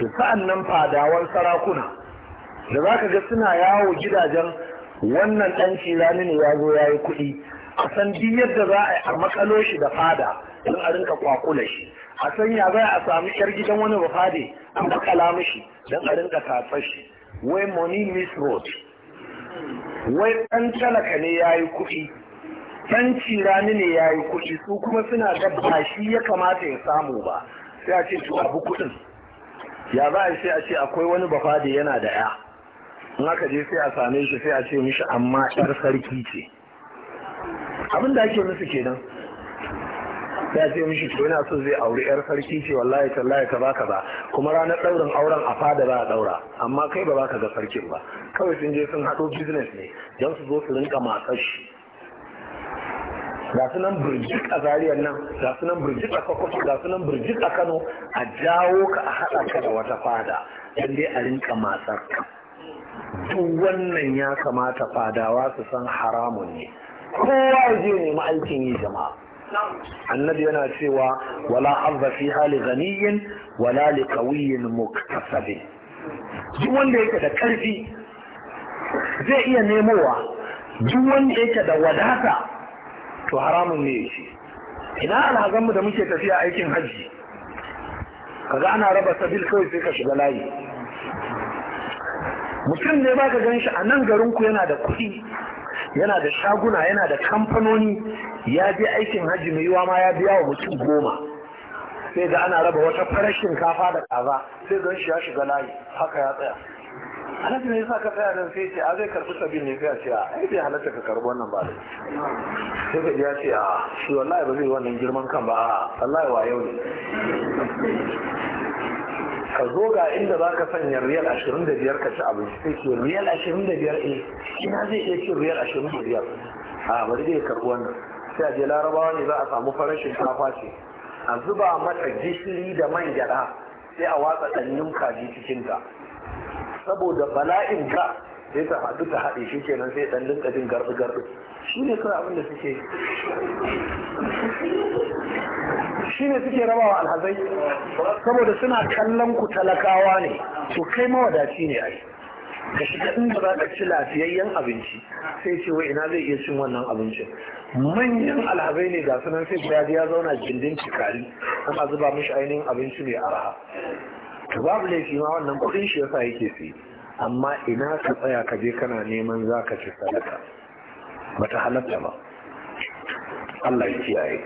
to sa'an nan fadawan sarakuna da za ka ga suna yawo gidajen wannan ɗan cirani ne ya zo ya yi kuɗi a san duk yadda za a yi a makalo shi da fada don a rinka kwakula shi a san ya za a sami yar gidan wani bafade a makala mishi don a rinka tatsa shi wai money miss road wai ɗan talaka ne ya yi kuɗi ɗan cirani ne ya yi kuɗi su kuma suna da shi ya kamata ya samu ba sai a ce to abu kuɗin ya za a sai a ce akwai wani bafade yana da ya in aka je sai a same shi sai a ce mishi amma yar sarki ce abin da ake musu kenan a ce mishi to yana so zai auri yar sarki ce wallahi tallahi ka baka ba kuma ranar ɗaurin auren a fada ba a daura amma kai ba baka ga sarkin ba kawai sun je sun haɗo business ne don su zo su rinka matsashi ga su nan birjik a zariyar nan ga su nan birjik a kwakwato ga su nan birjik a kano a jawo ka a haɗa ka da wata fada don dai a rinka masar ka duk wannan ya kamata fadawa su san haramun ne kowa zai nemi aikin yi jama'a annabi yana cewa wala Abba fi hali ganiyin wala li mu kasabe. duk wanda yake da karfi zai iya nemowa duk wanda yake da wadata to haramun ne yake ina alhazanmu da muke tafiya aikin hajji kaga ana raba sabil kawai sai ka shiga layi mutum ne ba ka gan shi a nan garinku yana da kuɗi yana da shaguna yana da kamfanoni ya je aikin hajji mai yiwa ma ya biya wa mutum goma sai ga ana raba wata farashin kafa da kaza sai gan shi ya shiga layi haka ya tsaya alhaji ne yasa ka tsaya nan sai ce a zai karbi sabin ne sai ce a ai bai halatta ka karbi wannan ba da sai ka ya ce a shi wallahi ba zai wannan girman kan ba a wallahi wa yau ne ka zo ga inda za ka sanya riyal ashirin da biyar ka ci abinci sai ce riyal ashirin da biyar eh ina zai iya cin riyal ashirin da biyar a bari zai karbi wannan sai a je larabawa ne za a samu farashin shinkafa ce a zuba mata gishiri da man gyada sai a watsa ɗanyen kaji cikinta saboda bala'in ka sai ta haɗu ta haɗe shi kenan sai ɗan dinka jin garɗi garɗi shi ne kawai abin da suke shi ne suke rabawa alhazai saboda suna kallon ku talakawa ne to kai mawadaci ne ai ka shiga inda za ka ci lafiyayyen abinci sai ce wa ina zai iya cin wannan abincin manyan alhazai ne ga sunan sai ya zauna gindin cikari ana zuba mishi ainihin abinci mai araha to babu laifi ma wannan kuɗin shi yasa yake siye amma ina ka tsaya ka je kana neman za ka ci sadaka bata halatta ba Allah ya kiyaye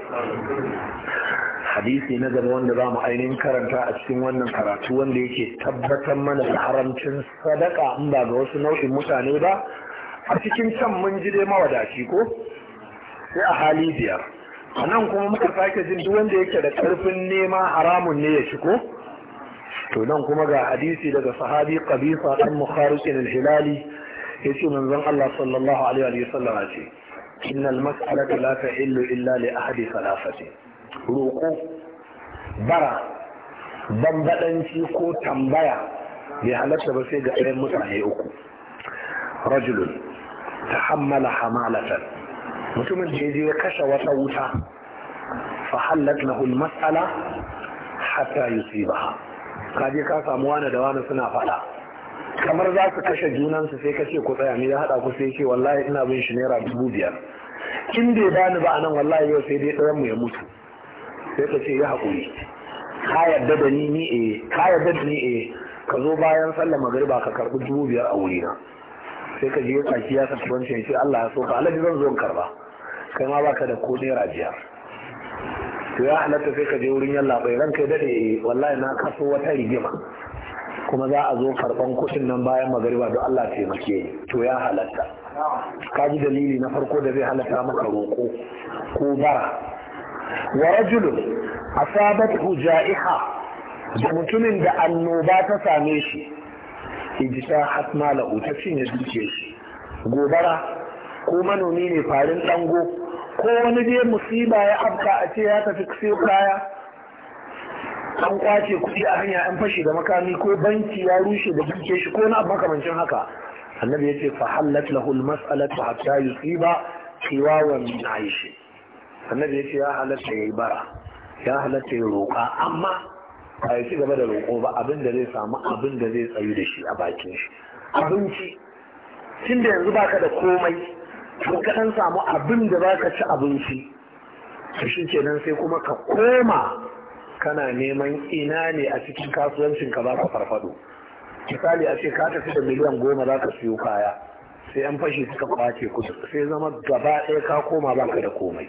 hadisi na gaba wanda za mu ainihin karanta a cikin wannan karatu wanda yake tabbatar mana da haramcin sadaka in ba ga wasu nau'in mutane ba a cikin can mun ji dai mawadaci ko sai a hali biyar a nan kuma muka sake jin duk wanda yake da karfin nema haramun ne ya ci ko to nan kuma ga hadisi daga sahabi qabisa dan mukhariqin al-hilali yace manzon Allah sallallahu alaihi wa sallam yace innal mas'alatu la tahillu illa li ahadi salafati roko bara bambadanci ko tambaya bai halatta ba sai ga ɗayan mutane uku rajulun tahammala hamalatan mutumin da je ya kashe wata wuta fa hallat lahu al-mas'ala hatta yusibaha Kaje ka samu wani da wani suna faɗa kamar za su kashe junansu sai ka ce ku tsaya ne ya haɗa ku sai ce wallahi ina bin shi naira dubu biyar in bai bani ba anan wallahi yau sai dai ɗayan mu ya mutu sai ka ce ya haƙuri ka yarda da ni ni e ka yarda da ni e ka zo bayan sallar magriba ka karɓi dubu biyar a wurina sai ka je tsaki ya saki wancan ce Allah ya so ka alaji zan zo karba kai ma baka da ko naira biyar to ya halatta sai ka je wurin yalla bai ranka ya dade wallahi na kaso wata rigima kuma za a zo karban kuɗin nan bayan magariba don Allah taimake to ya halatta ka ji dalili na farko da zai halatta maka roƙo ko bara wa rajul asabathu ja'iha da mutumin da annoba ta same shi ijta hatma la ta cinye dukiyar shi gobara ko manomi ne farin dango ko wani dai musiba ya afka a ce ya tafi siyo kaya an kwace kuɗi a hanya an fashe da makami ko banki ya rushe da bincike shi ko na abu makamancin haka annabi ya ce fa halat lahu almas'alatu hatta yusiba qiwawan min aishi annabi ya ce ya halatta yayi bara ya halatta ya roƙa amma ba ya ci gaba da roƙo ba abin da zai samu abin da zai tsayu da shi a bakin shi abinci tun da yanzu baka da komai to ka ɗan samu abin da za ka ci abinci to shi kenan sai kuma ka koma kana neman ina ne a cikin kasuwancin ka za ka farfado misali a ce ka tafi da miliyan goma za ka siyo kaya sai an fashi suka kwace kudu sai zama gaba ɗaya ka koma baka da komai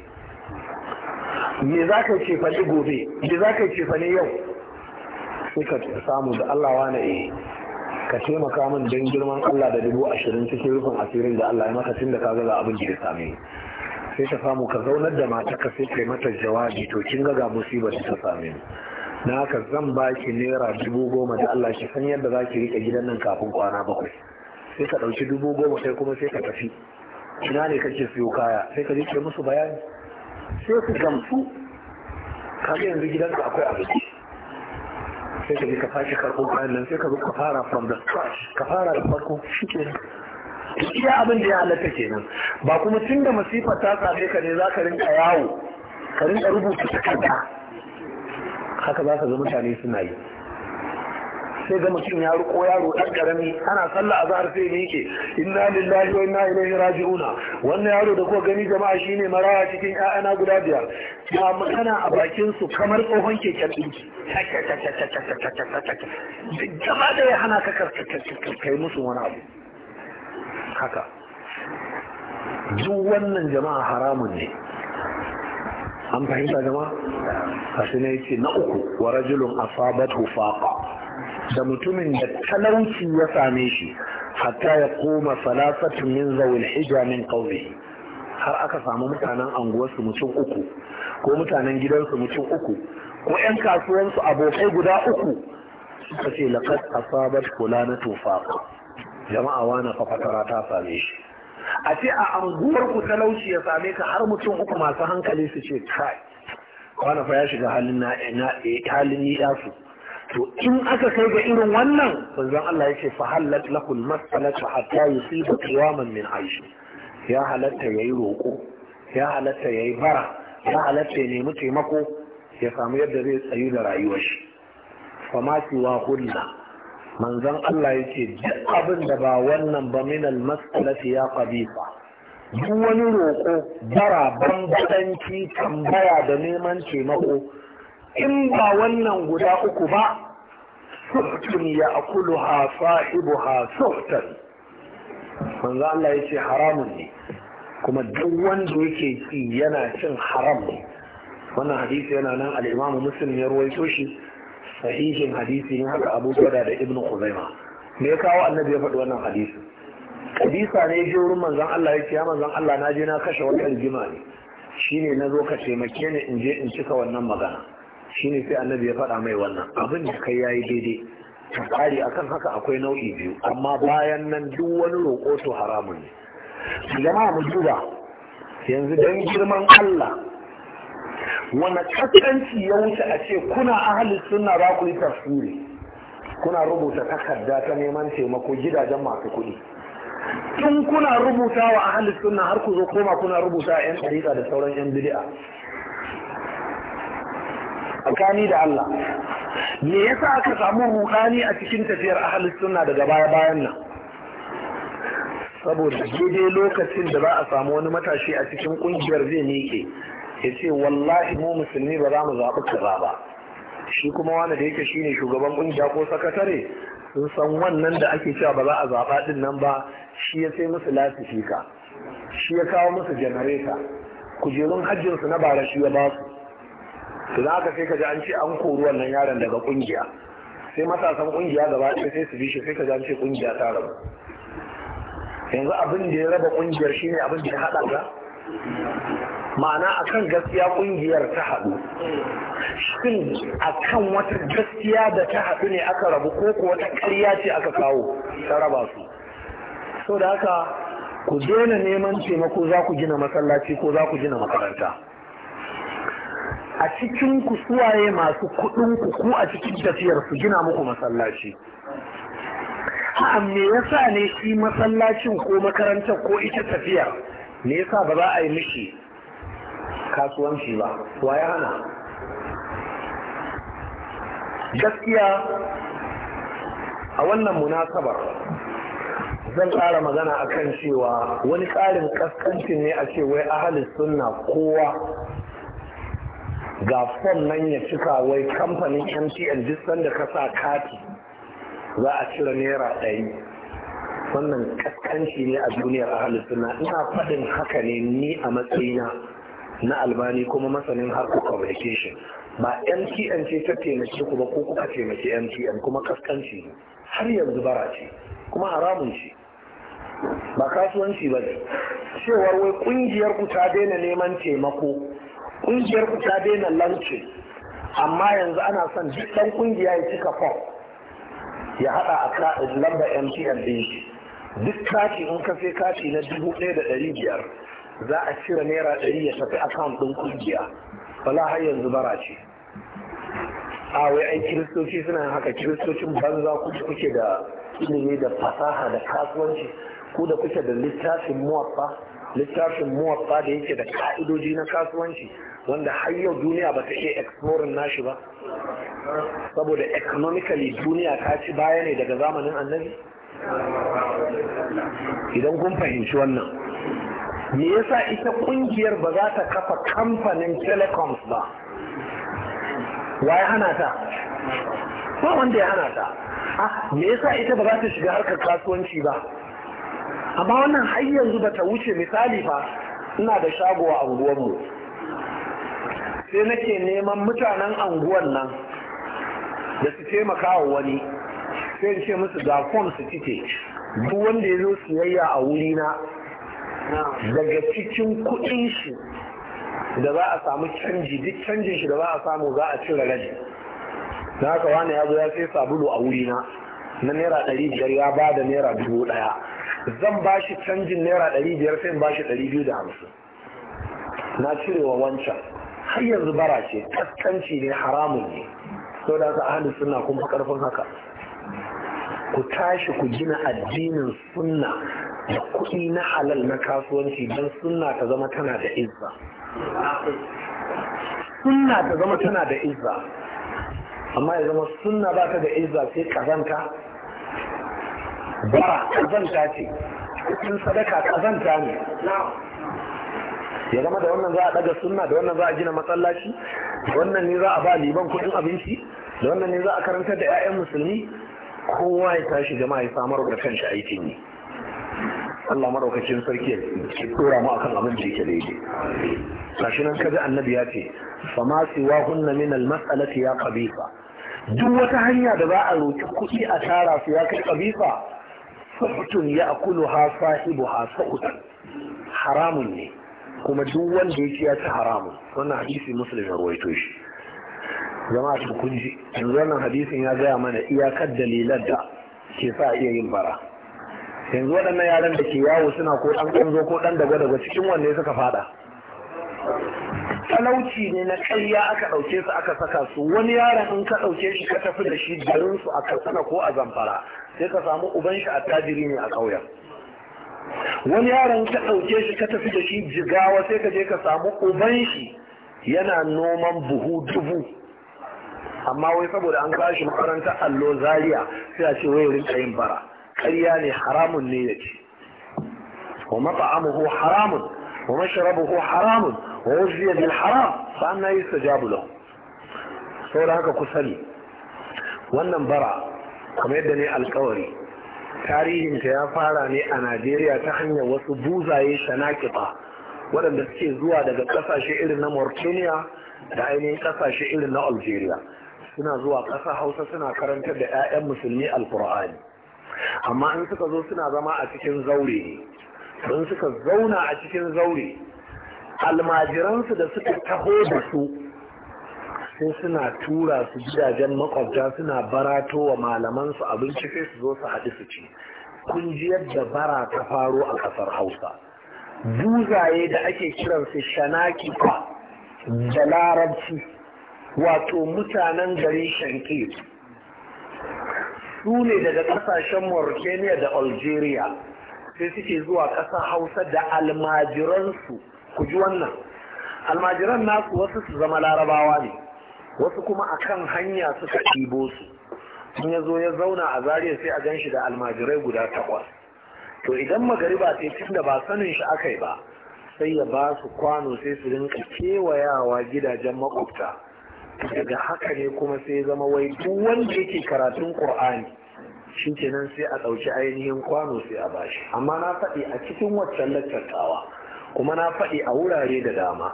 me za ka ce ni gobe me za ka ce ni yau sai ka samu da Allah wane eh, ka taimaka min don girman Allah da dubu ashirin cikin rufin asirin da Allah ya maka tun da ka gaza abin da ya same sai ta samu ka zaunar da mata ka sai kai mata jawabi to kin ga ga musibar da ta same ni na ka zan baki naira dubu goma da Allah ki san yadda za ki rike gidan nan kafin kwana bakwai sai ka ɗauki dubu goma sai kuma sai ka tafi ina ne kake siyo kaya sai ka rike musu bayani sai su gamsu kaga yanzu gidanka akwai abinci sai ka bi ka fashi karɓo kayan nan sai ka bi ka fara from the scratch ka fara da farko shi ke iya abin da ya halatta nan ba kuma tun da masifa ta same ka ne za ka rinka yawo ka rinka rubuta takarda haka za ka zama mutane suna yi sai ga mutum ya ruko yaro ɗan karami ana sallah azhar sai miƙe inna lillahi wa inna ilaihi raji'una wannan yaro da kuka gani jama'a shine maraya cikin 'ya'yana guda biyar Ya magana a bakin su kamar tsohon keken dinki da ya hana ka kai musu wani abu haka duk wannan jama'a haramun ne an fahimta jama'a kashi ne yake na uku wa rajulun asabatu faqa da mutumin da talauci ya same shi hatta ya koma salafatun min zawil hijra min qawlihi har aka samu mutanen anguwar su mutum uku ko mutanen gidansu mutum uku ko 'yan kasuwansu abokai guda uku suka ce laqad asabat fulana tufaq jama'a wana fa fatara ta same shi a ce a anguwar ku talauci ya same ka har mutum uku masu hankali su ce kai wana fa ya shiga halin na halin ya su to in aka kai ga irin wannan manzon Allah yake fa halat lakul mas'alatu hatta yusiba qiyaman min aishi ya halatta yayi roko ya halatta yayi bara ya halatta ya nemi taimako ya samu yadda zai tsayu da rayuwar shi fa ma siwa hunna manzon Allah yake duk abin da ba wannan ba min al mas'alati ya qabisa duk wani roƙo, bara bambadanci tambaya da neman taimako in ba wannan guda uku ba suhtun ya akulu ha sahibu ha suhtan manzo Allah ya ce haramun ne kuma duk wanda yake ci yana cin haram ne wannan hadisi yana nan al-Imam Muslim ya ruwaito shi sahihin hadisi ne haka Abu Dawud da Ibn Khuzaima me ya kawo annabi ya faɗi wannan hadisi hadisa ne ya wurin manzon Allah ya ce ya manzon Allah na je na kashe wata jima ne shine na zo ka taimake ni in je in cika wannan magana shine sai annabi ya faɗa mai wannan abin da kai yayi daidai Tsari akan haka akwai nau'i biyu amma bayan nan duk wani roƙo to haramun ne jama'a mu duba yanzu dan girman Allah wani kaskanci ya wuce a ce kuna ahalin sunna ba ku yi tafsiri kuna rubuta takarda ta neman taimako gidajen masu kuɗi Tun kuna rubuta wa ahalin sunna har ku zo koma kuna rubuta yan ɗariƙa da sauran yan bid'a tsakani da Allah me yasa aka samu rudani a cikin tafiyar ahlus sunna daga baya bayan nan saboda daidai lokacin da za a samu wani matashi a cikin kungiyar zai miƙe ya ce wallahi mu musulmi ba za mu zaɓi kaza ba shi kuma wani da yake shine shugaban kungiya ko sakatare sun san wannan da ake cewa ba za a zaɓa ɗin nan ba shi ya sai musu lasifika shi ya kawo musu janareta kujerun hajjinsu na bara ya ba su su za ka sai ka ji an ce an kori wannan yaron daga kungiya sai matasan kungiya gaba ɗaya sai su bi shi sai ka ji an ce kungiya ta rabu yanzu abin da ya raba kungiyar ne abin da ya haɗa ka ma'ana akan gaskiya kungiyar ta haɗu shin akan wata gaskiya da ta haɗu ne aka rabu ko ko wata ƙarya ce aka kawo ta raba su so da haka ku daina neman taimako za ku gina masallaci ko za ku gina makaranta a cikin ku suwaye masu kuɗin ku ku a cikin tafiyar su gina muku masallaci a'a me yasa ne shi masallacin ko makarantar ko ita tafiya? me yasa ba za a yi mishi kasuwanci ba wa ya hana gaskiya a wannan munasabar zan ƙara magana akan cewa wani ƙarin kaskancin ne a ce wai ahalin sunna kowa ga fom nan ya cika wai kamfanin mtn duk sanda ka sa kati za a cire naira ɗari wannan kaskanci ne a duniyar a sunna ina faɗin haka ne ni a matsayina na albani kuma masanin harkar communication ba mtn ce ta taimake ku ba ko kuka taimaki mtn kuma kaskanci ne har yanzu bara ce kuma haramun ce ba kasuwanci ba ne cewar wai kungiyar ku ta daina neman taimako ƙungiyar ku ta daina lancin amma yanzu ana son duk ɗan ƙungiya ya cika fom ya haɗa a lamba mtn ɗin shi duk kati in ka sai kati na dubu ɗaya da ɗari biyar za a cire naira ɗari ya tafi akawun ɗin ƙungiya wala har yanzu bara ce a wai ai kiristoci suna haka kiristocin banza kuke kuke da ilimi da fasaha da kasuwanci ku da kuke da littafin muwaffa littafin muwaffa da yake da ka'idoji na kasuwanci wanda har yau duniya ba ta iya exploring nashi ba saboda economically duniya ta ci baya ne daga zamanin annabi idan kun fahimci wannan me yasa ita kungiyar ba za ta kafa kamfanin telecoms ba waye hana ta ba wanda ya hana ta ah me yasa ita ba za ta shiga harkar kasuwanci ba amma wannan har yanzu ba ta wuce misali ba, ina da shago a anguwanmu sai nake neman mutanen anguwan nan da su taimaka wa wani sai in ce musu ga su cike duk wanda ya zo siyayya a wurina daga cikin kuɗin shi da za a samu canji duk canjin shi da za a samu za a cire raji na haka ya zo ya sai sabulu a wurina na naira ɗari biyar ya ba da naira dubu ɗaya zan ba shi canjin naira ɗari biyar sai in ba shi ɗari biyu da hamsin na cirewa wancan har yanzu bara ce kaskanci ne haramun ne sau da ahalin suna kuma karfin haka ku tashi ku gina addinin sunna da kuɗi na halal na kasuwanci don sunna ta zama tana da izza sunna ta zama tana da izza amma ya zama sunna ba ta da izza sai kazanta bara kazanta ce cikin sadaka kazanta ne ya zama da wannan za a daga sunna da wannan za a gina matsalaci wannan ne za a ba liban kudin abinci da wannan ne za a karantar da 'ya'yan musulmi kowa ya tashi jama'a ya samar da kanshi aikin ne. Allah maraukakin sarki ya tura mu akan abin da yake daidai gashi nan kaji annabi ya ce fama siwa hunna min al-mas'alati ya qabisa duk wata hanya da za a roki kuɗi a tara su ya kai qabisa suhutun ya akulu ha sahibu ha suhutun haramun ne kuma duk wanda ya ci ya ci haramun wannan hadisi muslim ya ruwaito shi zama a kun yanzu wannan hadisin ya gaya mana iyakar dalilan da ke sa iya yin bara yanzu waɗannan yaran da ke yawo suna ko ɗan kanzo ko ɗan daga daga cikin wanne suka fada talauci ne na ƙarya aka ɗauke su aka saka su wani yaron in ka ɗauke shi ka tafi da shi garin su a katsina ko a zamfara sai ka samu uban shi attajiri ne a ƙauyen wani yaron ka ɗauke shi ka tafi da shi jigawa sai ka je ka samu uban shi yana noman buhu dubu amma wai saboda an kashi makarantar allo Zariya, sai a ce wai rinka yin bara ƙarya ne haramun ne yake ce wa mata'amuhu haramun wa mashrabuhu haramun wa wuzziya bil haram fa yi sajabu lahu saboda haka ku sani wannan bara kamar yadda ne alkawari tarihinta ya fara ne a najeriya ta hanyar wasu buzaye shanakifa waɗanda suke zuwa daga ƙasashe irin na mauritania da ainihin ƙasashe irin na algeria suna zuwa ƙasa hausa suna karantar da 'ya'yan musulmi alkur'ani amma in suka zo suna zama a cikin zaure ne in suka zauna a cikin zaure almajiransu da suka taho da su sai suna tura su gidajen makwabta suna barato wa malaman su abinci sai su zo su haɗu su ci kun ji yadda bara ta faro a ƙasar hausa buzaye da ake kiran su shanaki fa da larabci wato mutanen gari shanki su ne daga ƙasashen mauritania da algeria sai suke zuwa ƙasar hausa da almajiransu ku ji wannan almajiran nasu wasu su zama larabawa ne wasu kuma a kan hanya suka ɗibo su in ya zo ya zauna a zariya sai a gan shi da almajirai guda takwas to idan magariba ce tun da ba sanin shi aka yi ba sai ya ba su kwano sai su rinka kewayawa gidajen makwabta daga haka ne kuma sai zama wai duk wanda yake karatun qur'ani shi kenan sai a ɗauki ainihin kwano sai a bashi amma na faɗi a cikin waccan lattattawa kuma na faɗi a wurare da dama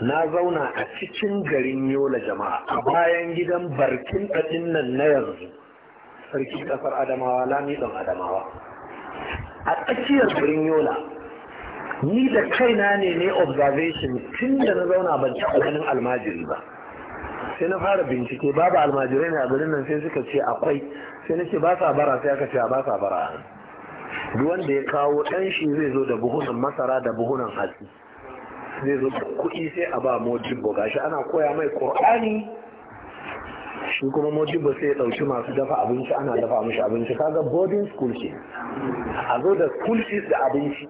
na zauna a cikin garin yola jama'a a bayan gidan barkin ɗaɗin nan na yanzu sarki ƙasar adamawa lamiɗon adamawa a tsakiyar garin yola ni da kaina ne ne observation tun da na zauna ban taɓa ganin almajiri ba sai na fara bincike babu almajirai ne a garin nan sai suka ce akwai sai na ce ba sa bara sai aka ce ba sa bara duk wanda ya kawo ɗan shi zai zo da buhunan masara da buhunan hatsi zai zo kuɗi sai a ba ga gashi ana koya mai ƙorani shi kuma mojibbo sai ya ɗauki masu dafa abinci ana dafa mashi abinci kaga boarding school ke a zo da school fees da abinci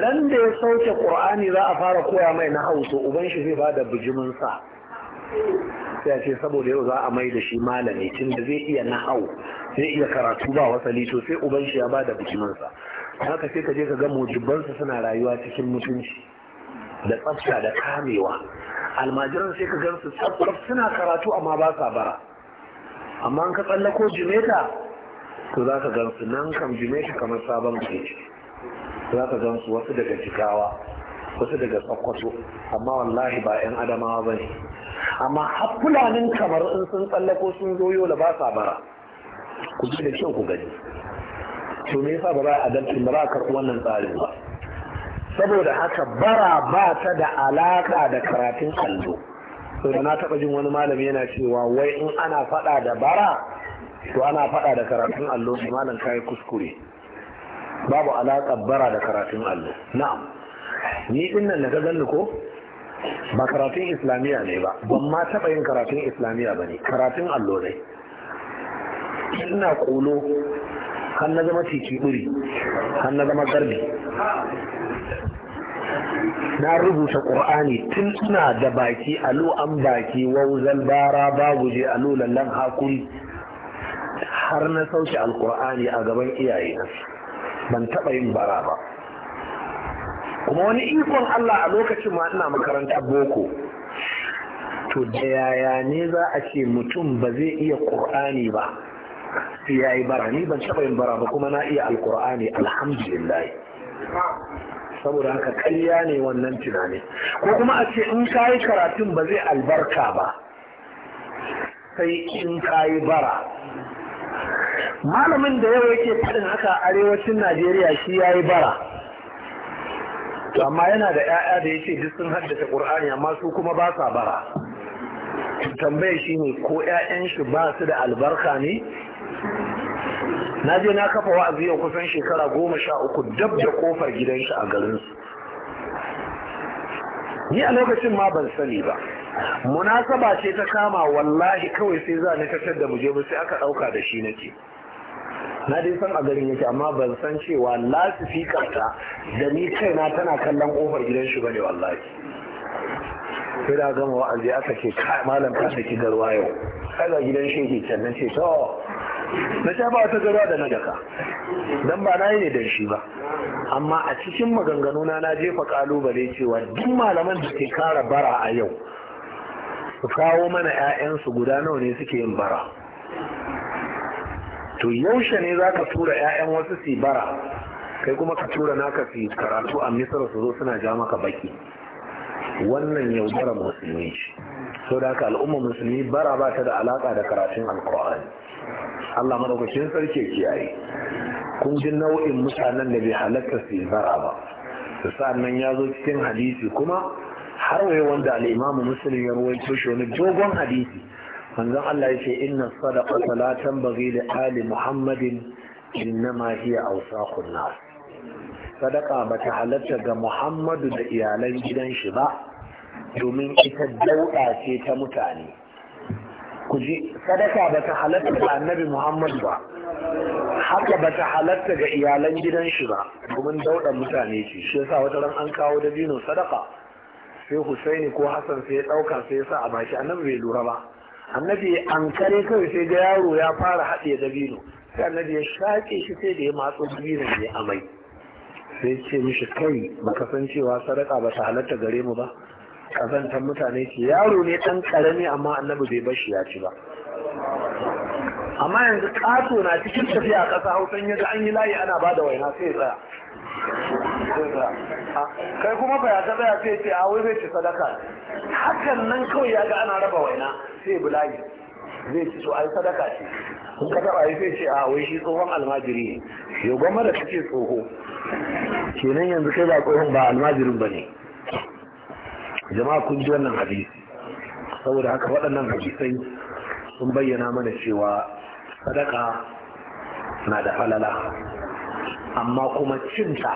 ran da ya sauke ƙur'ani za a fara koya mai na hausa uban shi zai ba da bijimin sa sai a ce saboda yau za a mai da shi malami tun da zai iya hau zai iya karatu ba wasali to sai uban shi ya ba da sa, haka sai ka je ka ga mujibbansa suna rayuwa cikin mutunci da tsafta da kamewa almajiran sai ka gansu su suna karatu amma ba sa bara amma ka tsallako jimeta to za ka gansu. nan kam jimeta kamar sabon keji za ka gansu. wasu daga jigawa wasu daga tsakwato amma wallahi ba 'yan adamawa ba ne amma hafulanin kamar in sun tsallako sun zo yola ba sa bara ku ji da kyau ku gani to me yasa ba za a adalcin ba za a karɓi wannan tsarin ba saboda haka bara ba ta da alaka da karatun allo to da na taba jin wani malami yana cewa wai in ana fada da bara to ana fada da karatun allo malam kai kuskure babu alaka bara da karatun allo na'am ni din nan da ganni ko ba karatun islamiyya ne ba ban ma taba yin karatun islamiyya bane karatun allo ne ina kolo har na zama ciki buri har na zama garbi na rubuta ƙur'ani tun ina da baki alu an baki wauzan bara babu je alu lallan hakuri har na sauke alƙur'ani a gaban iyaye ban taɓa yin bara ba kuma wani ikon Allah a lokacin ma ina makaranta boko to da yaya ne za a ce mutum ba zai iya ƙur'ani ba yi bara ni ban taɓa yin bara ba kuma na iya alƙur'ani alhamdulillah saboda haka ƙarya ne wannan tunani ko kuma a ce in kayi karatun ba zai albarka ba sai in kayi bara malamin da yawa yake faɗin haka a arewacin najeriya shi ya yi bara to amma yana da 'ya'ya da yake duk sun haddasa ƙur'ani amma su kuma ba sa bara tambayar shi ne ko 'ya'yan shi ba su da albarka ne na je na kafa wa'azi yau kusan shekara goma sha uku dab da kofar gidan shi a garin su ni a lokacin ma ban sani ba munasaba ce ta kama wallahi kawai sai za ni kasar da muje sai aka dauka da shi nake na dai san a garin yake amma ban san cewa karta da ni kaina tana kallon kofar gidan shi bane wallahi sai da gama wa'azi aka ce malam ka saki garwa yau kaga gidan shi ke can ce to na sha ba ta gaba da na daka don ba na yi ne don shi ba amma a cikin maganganuna na jefa kalubale cewa duk malaman da ke kara bara a yau su kawo mana 'ya'yansu guda nawa ne suke yin bara to yaushe ne za ka tura 'ya'yan wasu su bara kai kuma ka tura naka su karatu a misar su zo suna ja maka baki wannan yaudara musulmi so da haka al'umma musulmi bara ba ta da alaka da karatun alkur'ani Allah madaukakin sarki kiyaye kun ji nau'in mutanen da bai halatta su yi zara ba su nan ya zo cikin hadisi kuma har wai wanda al'imamu Muslim ya ruwaito shi wani dogon hadisi manzon Allah ya ce inna sadaqa salatan baghi li ali muhammadin innama hiya awsaqun nas sadaka bata halatta ga muhammadu da iyalan gidan shi ba domin ita dauka ce ta mutane ku ji sadaka ba ta halatta ga annabi muhammad ba haka ba ta halatta ga iyalan gidan shi ba domin dauɗa mutane ce shi yasa wata ran an kawo da dinin sadaka sai husaini ko hassan sai ya ɗauka sai ya sa a baki annabi bai lura ba annabi an kare kai sai ga yaro ya fara da dabino sai annabi ya shake shi sai da ya matso ne a amai sai ce mishi kai baka san cewa sadaka ba ta halatta gare mu ba kazantar mutane ce yaro ne dan karami amma annabi bai bashi ya ci ba amma yanzu ƙato na cikin tafiya a ƙasa hausan yadda an yi layi ana ba da waina sai tsaya kai kuma ba ya ta tsaya sai ce a wai zai ci sadaka hakan nan kawai ya ga ana raba waina sai bi layi zai ci so yi sadaka ce kun ka taba yi sai ce a wai shi tsohon almajiri ne yau gwamma da kake tsoho kenan yanzu kai ba tsohon ba almajirin ba ne jama'a kun ji wannan hadisi saboda haka waɗannan hadisai sun bayyana mana cewa sadaka na da falala amma kuma cinta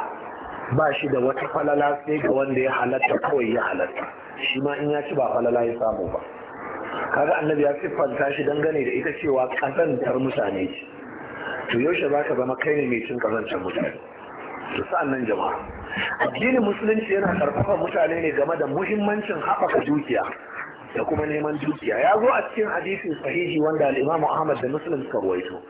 ba shi da wata falala sai ga wanda ya halatta kawai ya halatta shi ma in ya ci ba falala ya samu ba kaga annabi ya siffanta shi dangane da ita cewa kazantar mutane ce to yaushe za ka zama kai ne mai cin kazantar mutane to sa'an nan jama'a addinin musulunci yana karfafa mutane ne game da muhimmancin haɓaka dukiya da kuma neman dukiya ya zo a cikin hadisin sahihi wanda al-Imam Ahmad da Muslim suka ruwaito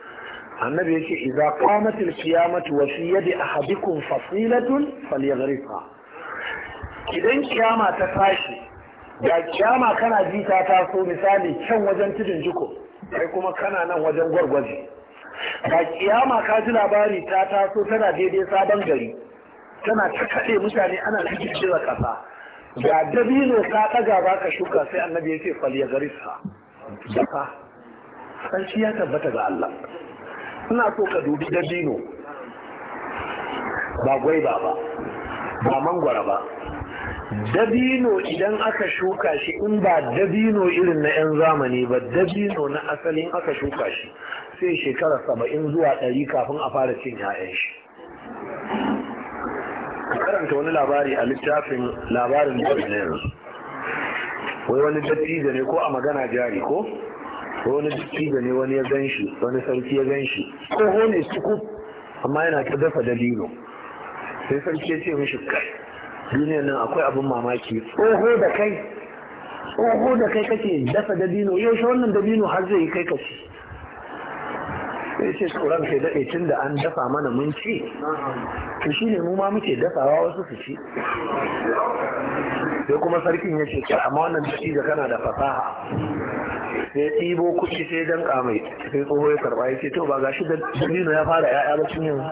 annabi yake idza qamat al-qiyamatu wa fi yadi ahadikum fasilatun falyaghrifha idan kiyama ta tashi da kiyama kana ji ta taso misali kan wajen tudun jiko kai kuma kana nan wajen gwargwaje da kiyama ka ji labari ta taso tana daidai sabon gari tana ta kade mutane ana rikicewa ƙasa ga dabino ka ɗaga ba ka shuka sai annabi ya ce faliya garissa dafa shi ya tabbata ga Allah suna so ka dubi dabino ba gwaiba ba ba mangwara ba dabino idan aka shuka shi in ba dabino irin na 'yan zamani ba dabino na asalin aka shuka shi sai shekara saba'in zuwa ɗari kafin a fara cin 'ya'yan shi ka karanta wani labari a littafin labarin da na yanzu wai wani dattijo ne ko a magana jari ko wani dattijo ne wani ya gan shi wani sarki ya gan shi ko su ku, amma yana ta dafa dalilo sai sarki ya ce mishi kai Duniya nan akwai abin mamaki tsoho da kai tsoho da kai kake dafa dabino yaushe wannan dabino har zai yi kai kashi sai ce tsoron ke daɗe tun da an dafa mana mun ci to shi ne mu ma muke dafawa wasu su ci sai kuma sarkin ya ce amma wannan ciki da kana da fasaha sai ɗibo kuɗi sai dan mai. sai tsoho ya karɓa ya ce to ba gashi da dabino ya fara ya'ya ba cin yanzu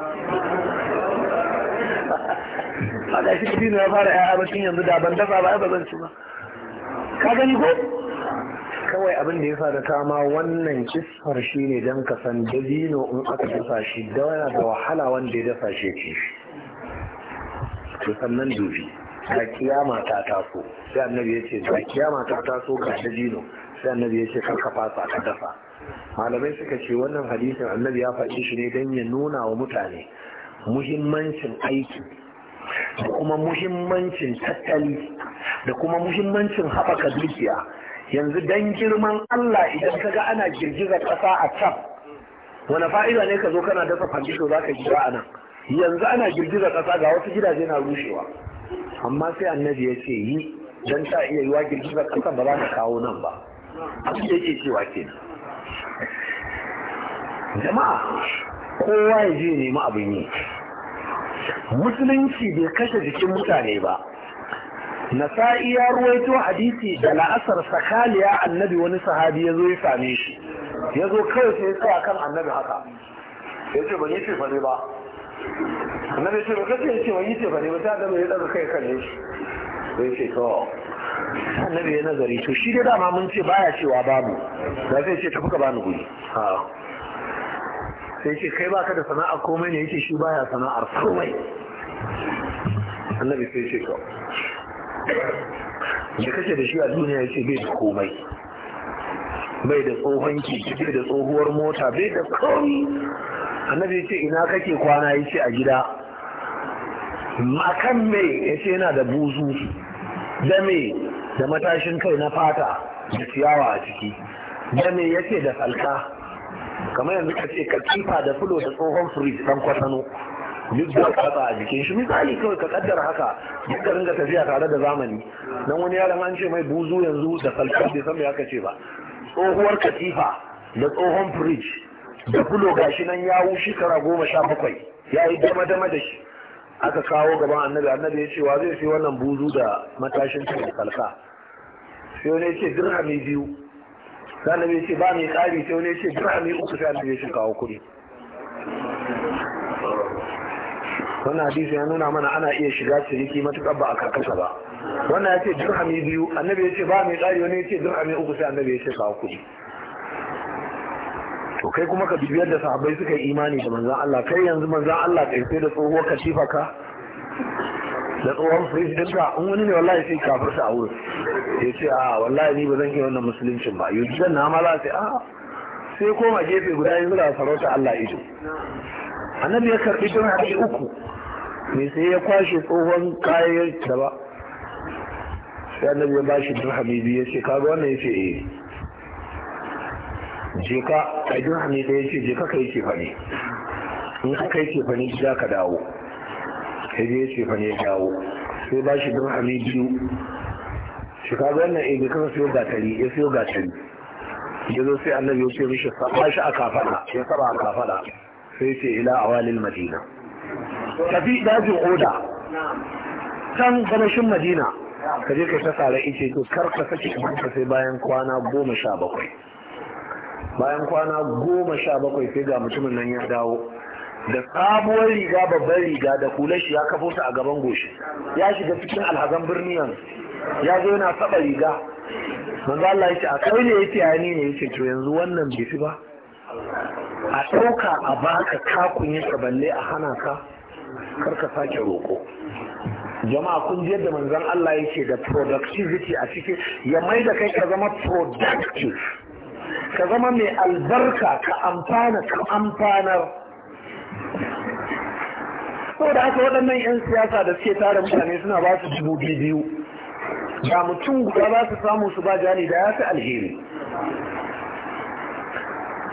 ba gashi dabino ya fara ya'ya ba cin yanzu da ban dafa ba ba zan ci ba ka gani ko kawai abin da ya faru kama wannan kisfar shi ne don ka san dabino in aka dafa shi da yana da wahala wanda ya dafa shi ke to sannan dubi ga kiyama ta taso sai annabi ya ce ga kiyama ta taso ga dabino sai annabi ya ce kar ka fasa ka dafa malamai suka ce wannan hadisin annabi ya faɗi shi ne don ya nuna wa mutane muhimmancin aiki da kuma muhimmancin tattali da kuma muhimmancin haɓaka dukiya yanzu dan girman Allah idan ka ga ana girgizar ƙasa a can wani fa'ida ne ka zo kana dasa fandisho za ka gida a nan yanzu ana girgizar ƙasa ga wasu gidaje na rushewa amma sai annabi ya ce yi don ta iya yiwa girgizar ƙasa ba za ta kawo nan ba abin da yake cewa kenan jama'a kowa ya je nemi abin yi musulunci bai kashe jikin mutane ba nasa'i ya ruwaito hadisi da la'asar sakaliya annabi wani sahabi ya zo ya same shi ya zo kawai sai ya tsaya kan annabi haka ya ce ban yi ce fare ba annabi ce ba kace ya ce ban yi ce fare ba sai annabi ya daga kai kalle shi ya ce to annabi ya nazari to shi dai dama mun ce baya cewa babu da zai ce tafi ka bani guri sai ce kai baka da sana'a komai ne yake shi baya sana'ar komai annabi sai ce to ya kake da shi a duniya ya ce bai da komai bai da tsohon keke bai da tsohuwar mota bai da komai. annabi ce ina kake kwana ya ce a gida makan me ya ce yana da buzu da me da matashin kai na fata da ciyawa a ciki da me ya ce da salka kamar yanzu ka ce ka kifa da fulo da tsohon firij dan kwatano duk katsa a jikin shi misali kawai ka kaddara haka duk ringa tafiya tare da zamani don wani yaron an ce mai buzu yanzu da salkar bai san me aka ce ba tsohuwar katifa da tsohon bridge da bulo gashi nan ya wushi goma sha bakwai ya yi dama dama da shi aka kawo gaban annabi annabi ya ce wa zai sai wannan buzu da matashin da salka sai wani ya ce dirhami biyu sai ya ce ba mai kari sai wani ya ce dirhami uku sai annabi ya ce kawo kuɗi wannan hadisi ya nuna mana ana iya shiga ciniki matukar ba a karkasa ba wannan ya ce dirhami biyu annabi ya ce ba mai tsari wani ya ce dirhami uku sai annabi ya ce kawo kuɗi to kai kuma ka bibiyar da sahabbai suka yi imani da manzan Allah kai yanzu manzan Allah kai sai da tsohuwar katifa ka da tsohon firij dinka in wani ne wallahi sai kafirsa a wurin ya ce a wallahi ni ba zan iya wannan musuluncin ba yanzu zan na ma za sai a sai koma gefe guda yanzu da sarauta Allah ido annabi ya karbi dirhami uku me sai ya kwashe tsohon kayan da ba sai annabi ya bashi dirhami biyu ce, kaga wannan ce eh je ka a dirhami ya ce je ka kai cefane in ka kai cefane za ka dawo sai je cefane ya dawo sai bashi dirhami biyu shi kaga wannan eh bai kasa siyo gatari ya siyo gatari ya zo sai annabi ya ce mishi sa shi a kafada ya saba a kafada sai ce ila awalin madina tafi dajin oda can gabashin madina ka je ka saka da ice to kar ka sake ka sai bayan kwana goma sha bakwai bayan kwana goma sha bakwai sai ga mutumin nan ya dawo da sabuwar riga babbar riga da kula shi ya kafo ta a gaban goshi ya shiga cikin alhazan birni yanzu ya zo yana saba riga manzo Allah ya ce a kai ne yake ya ne yace to yanzu wannan bai fi ba a ɗauka a baka kakunyin yin balle a hana ka karka sake roko jama'a kun ji yadda manzon Allah yake da productivity a ciki ya mai da kai ka zama productive ka zama mai albarka ka amfana ka amfanar da haka waɗannan 'yan siyasa da suke tara mutane suna ba su dubu biyu da mutum guda ba su samu su ba jani da ya fi alheri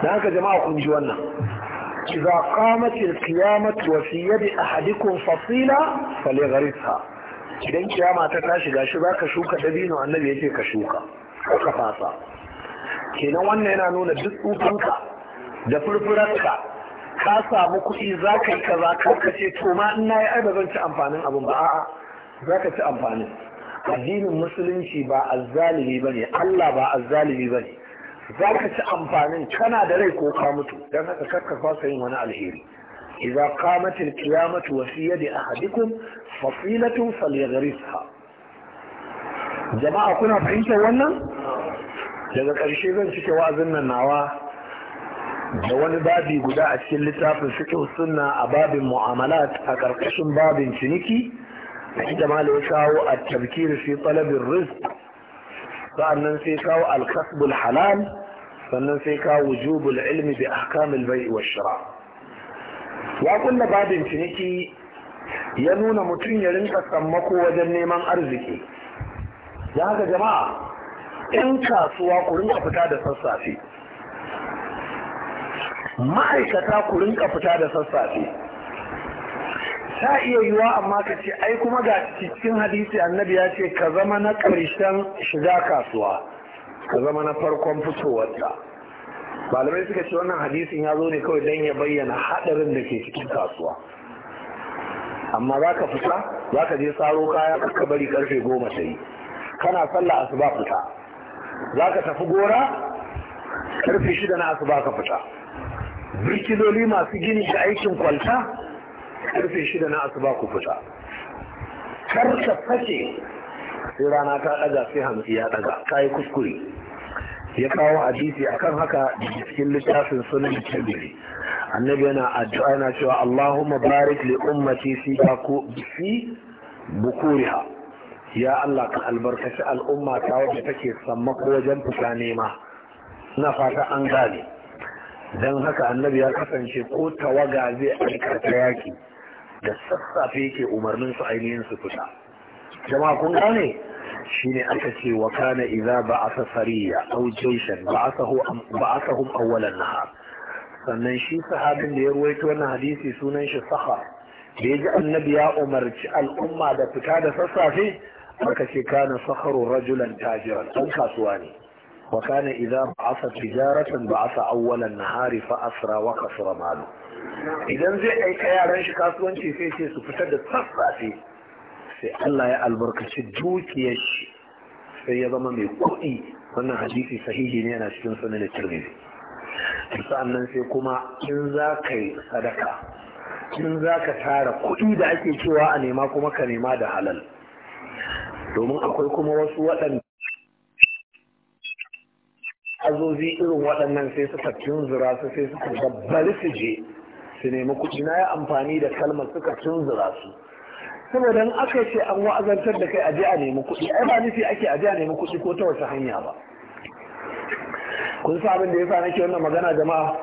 da haka jama'a kun ji wannan إذا قامت القيامة وفي يد أحدكم فصيلة فليغرسها idan kiyama ta tashi gashi za ka shuka dabino annabi yake ka shuka ka fasa kenan wannan yana nuna duk tsufanka da furfurarka ka samu kuɗi za ka yi kaza ka ka ce to ma ina yi ai zan ci amfanin abin ba a'a za ka ci amfanin addinin musulunci ba azzalimi ba ne allah ba azzalimi ba ne za ka ci amfanin kana da rai ko ka mutu don haka karka fasa yin wani alheri idza qamat al-qiyamah wa fi yadi ahadikum fasilatun falyagrisha jama'a kuna fahimtar wannan daga ƙarshe zan cike wa'azin nan nawa da wani babi guda a cikin littafin suke sunna a babin mu'amalat a ƙarƙashin babin ciniki inda da ya kawo a tabkir fi talabir rizq sa'annan sai kawo al-kasbul halal sannan sai ka wujubul ilmi bi ahkamil bai'i wa shira ya kulla babin ciniki ya nuna mutum ya rinka sammako wajen neman arziki ya haka jama'a in kasuwa ku rinka fita da sassafe ma'aikata ku rinka fita da sassafe ta iya yiwa amma ka ce ai kuma ga cikin hadisi annabi ya ce ka zama na ƙarshen shiga kasuwa ka zama na farkon fitowarta malamai suka ce wannan hadisin ya zo ne kawai don ya bayyana haɗarin da ke cikin kasuwa amma za ka fita za ka je tsaro kaya ka bari karfe goma ta yi kana sallah asuba fita za ka tafi gora karfe shida na asuba ka fita birkiloli masu gini da aikin kwalta karfe shida na asuba ku fita kar ka fashe sai rana ta ɗaga sai hamsi ya daga ta yi kuskure ya kawo hadisi a kan haka da cikin littafin sunan tabiri annabi yana addu'a yana cewa Allahumma barik li ummati fi baku fi bukuriha ya Allah ka albarkaci al'umma ta wanda take sammako wajen fita nema na fata an gane don haka annabi ya kasance ko tawaga zai aikata yaki da sassafe yake umarnin su ainihin su fita jama'a kun gane shine aka ce wa kana idza ba'atha sariya aw jayshan ba'athahu ba'athahum awwalan nahar sannan shi sahabin da ya ruwaito wannan hadisi sunan shi saha da ya ji annabi ya umarci al'umma da fita da sassafe aka ce kana saharu rajulan tajiran ɗan kasuwa ne wa kana idza ba'atha tijaratan ba'atha awwalan nahari fa asra wa kasra malu idan zai aika yaran shi kasuwanci sai ce su fitar da sassafe sai Allah ya albarkaci dukiyar shi sai ya zama mai kuɗi wannan hadisi sahihi ne yana cikin sunan saan nan sai kuma in za ka yi sadaka in za ka tara kuɗi da ake cewa a nema kuma ka nema da halal domin akwai kuma wasu waɗanda azozi irin waɗannan sai suka tunzura su sai suka babbar su je su nemi kuɗi na ya amfani da kalmar suka tunzura su saboda aka ce an wa'azantar da kai aje a nemi kuɗi ai ba nufi ake aje a nemi kuɗi ko ta wasu hanya ba kun sa abin da ya yasa nake wannan magana jama'a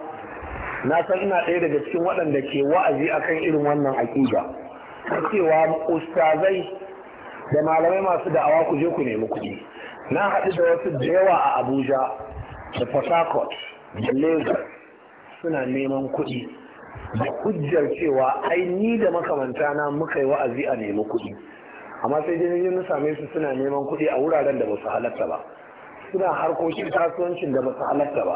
na san ina ɗaya daga cikin waɗanda ke wa'azi akan irin wannan aƙida cewa ustazai da malamai masu da'awa ku je ku nemi kuɗi na haɗu da wasu da yawa a abuja da port harcourt da lagos suna neman kuɗi da hujjar cewa ai ni da makamanta na muka yi wa'azi a nemi kuɗi amma sai dai na same su suna neman kuɗi a wuraren da ba su halatta ba suna harkokin kasuwancin da ba su halatta ba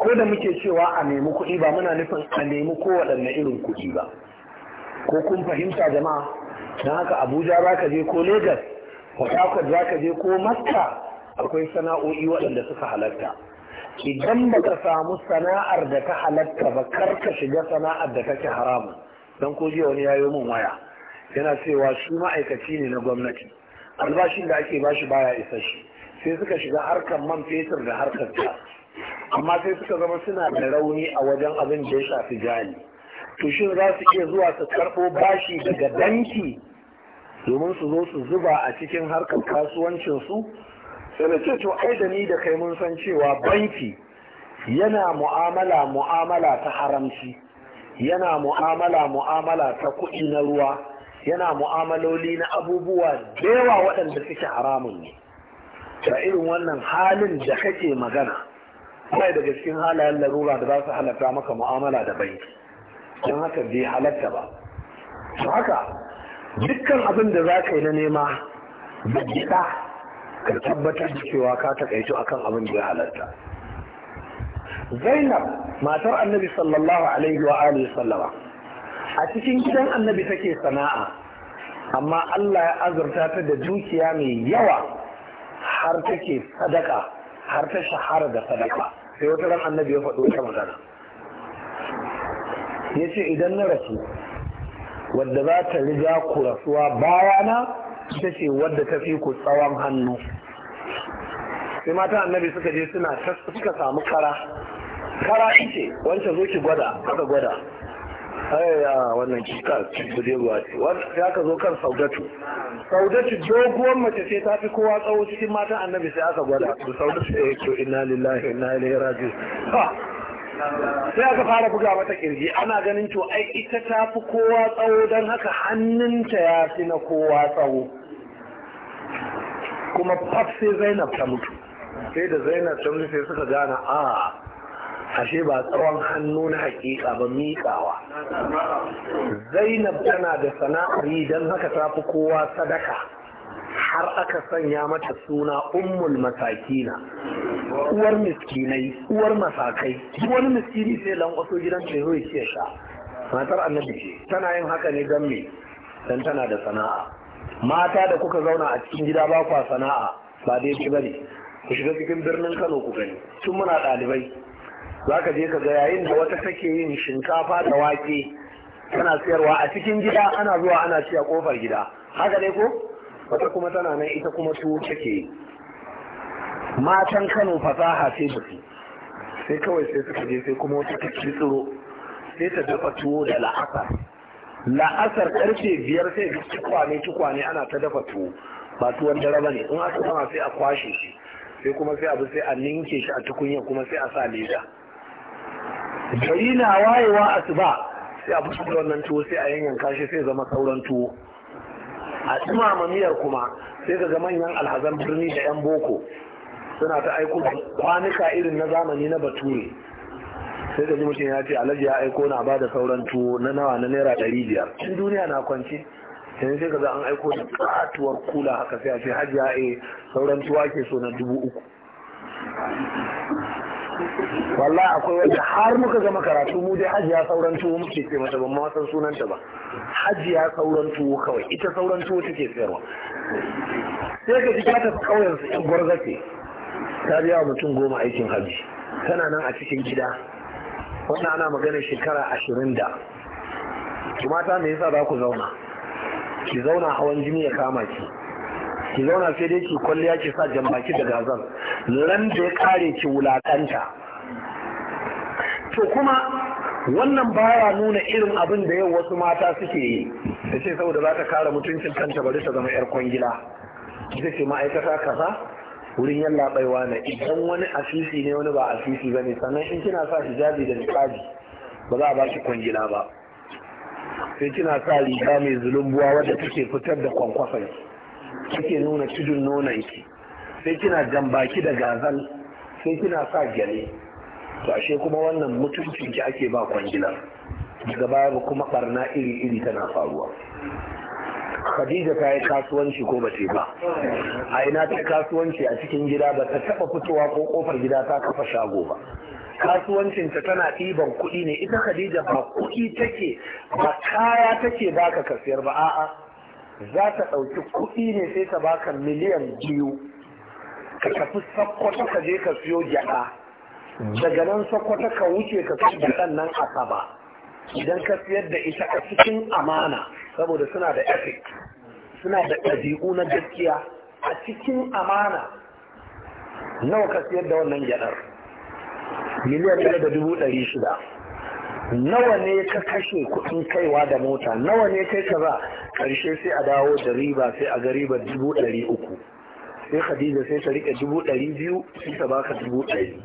ko da muke cewa a nemi kuɗi ba muna nufin a nemi kowaɗanne irin kuɗi ba ko kun fahimta jama'a Na haka abuja za ka je ko Legas, port harcourt za ka je ko makka akwai sana'o'i waɗanda suka halatta idan ba ka samu sana'ar da ka halatta ba kar ka shiga sana'ar da take haramu don ko jiya wani yayo min waya yana cewa shi ma'aikaci ne na gwamnati albashin da ake bashi baya isa shi sai suka shiga harkar man fetur da harkar ta. amma sai suka zama suna da rauni a wajen abin da ya shafi jani to shin za su iya zuwa su karɓo bashi daga danki, domin su zo su zuba a cikin harkar kasuwancinsu sai na ce to ai da ni da kai mun san cewa banki yana mu'amala mu'amala ta haramci yana mu'amala mu'amala ta kuɗi na ruwa yana mu'amaloli na abubuwa da waɗanda suke haramun ne da irin wannan halin da kake magana bai daga cikin halayen larura da za su halatta maka mu'amala da banki don haka bai halatta ba haka dukkan abin da za ka yi na nema da gida ka tabbatar da cewa ka takaitu akan abin da ya halatta zainab matar annabi sallallahu alaihi wa alihi sallama a cikin gidan annabi take sana'a amma Allah ya azurta ta da dukiya mai yawa har take sadaka har ta shahara da sadaka sai wata ran annabi ya faɗo ta magana ya ce idan na rasu wadda za ta riga ku rasuwa bayana ita ce wadda ta fi ku tsawon hannu sai mata annabi suka je suna suka samu kara kara ce Wancan zo ki gwada aka gwada ayya wannan kika kuje ruwa ce ya aka zo kan saudatu saudatu doguwar mace sai ta fi kowa tsawo cikin matan annabi sai aka gwada su saudatu ya ce ina lillahi ina ilaihi raji'un sai aka fara buga mata kirji ana ganin to ai ita ta fi kowa tsawo don haka hannunta ya fi na kowa tsawo kuma fat sai zainab ta mutu sai da zainab ta mutu sai suka gane a ashe ba tsawon hannu na hakika ba miƙawa zainab tana da sana'ari don haka ta fi kowa sadaka har aka sanya mata suna ummul masakina uwar miskinai uwar masakai wani miskini sai lankwaso gidan teho ya sha matar annabi ce tana yin haka ne don me don tana da sana'a mata da kuka zauna a cikin gida ba kwa sana'a ba dai ba ne ku shiga cikin birnin kano ku gani tun muna ɗalibai za ka je ka ga yayin da wata take yin shinkafa da wake tana siyarwa a cikin gida ana zuwa ana ci a kofar gida haka ne ko wata kuma tana nan ita kuma tuwo take yi matan kano fasaha sai da su sai kawai sai suka je sai kuma wata ta tsiro sai ta dafa tuwo da la'asar la'asar karfe biyar sai duk tukwane tukwane ana ta dafa tuwo ba tuwon dare ba ne in aka gama sai a kwashe shi sai kuma sai abu sai a ninke shi a tukunya kuma sai a sa leda gari na wayewa a su ba sai a fito wannan tuwo sai a yanyanka shi sai zama sauran tuwo a dumama miyar kuma sai ga ga manyan alhazan birni da yan boko suna ta aiko kwanuka irin na zamani na bature sai da mutum ya ce alhaji ya aiko na ba da sauran tuwo na nawa na naira ɗari biyar cikin duniya na kwance sai sai ka an aiko da katuwar kula haka sai a ce hajji ya aiko eh, sauran tuwa ke so na dubu uku wallahi akwai wanda har muka gama karatu mu dai hajiya sauran tuwo muke ce mata ban ma san sunanta ba hajiya sauran tuwo kawai ita sauran tuwo take sayarwa sai ka ji ta tafi kauyen su yan ta biya mutum goma aikin hajji tana nan a cikin gida wannan ana magana shekara ashirin da mata me yasa za ku zauna ki zauna hawan jini ya kama ki ki zauna sai dai ki kwalliya ki sa jambaki da gazan nan da ya kare ki wulakanta to kuma wannan baya nuna irin abin da yau wasu mata suke yi da ce saboda za ta kare mutuncin kanta bari ta zama yar kwangila ita ce ma'aikata kasa? wurin yalla baiwa na idan wani asisi ne wani ba asisi ba ne sannan in kina sa hijabi da niqabi ba za a ba ki kwangila ba sai kina sa riga mai zulumbuwa wadda take fitar da kwankwasai kike nuna cijin nonan ki sai kina jan baki da gazal sai kina sa gyale to ashe kuma wannan mutuncin ki ake ba kwangila daga baya kuma barna iri iri tana faruwa khadija ta yi kasuwanci ko ba ce ba a ina ta kasuwanci a cikin gida ba ta taba fitowa ko kofar gida ta kafa shago ba kasuwancinta tana ɗiban kuɗi ne ita khadija ba kuɗi take ba kaya take baka ka siyar ba a'a za ta ɗauki kuɗi ne sai ta baka miliyan biyu ka tafi sakwata ka je ka siyo gyaɗa daga nan sakwata ka wuce ka kai gyaɗan nan asaba idan ka siyar da ita a cikin amana saboda suna da ethics suna da ɗabi'u na gaskiya a cikin amana nawa ka siyar da wannan gyaɗar miliyan ɗaya da dubu ɗari shida nawa ne ka kashe kuɗin kaiwa da mota nawa ne kai ka ba ƙarshe sai a dawo da riba sai a ga riba dubu ɗari uku sai khadija sai ta riƙe dubu ɗari biyu sai ta baka dubu ɗari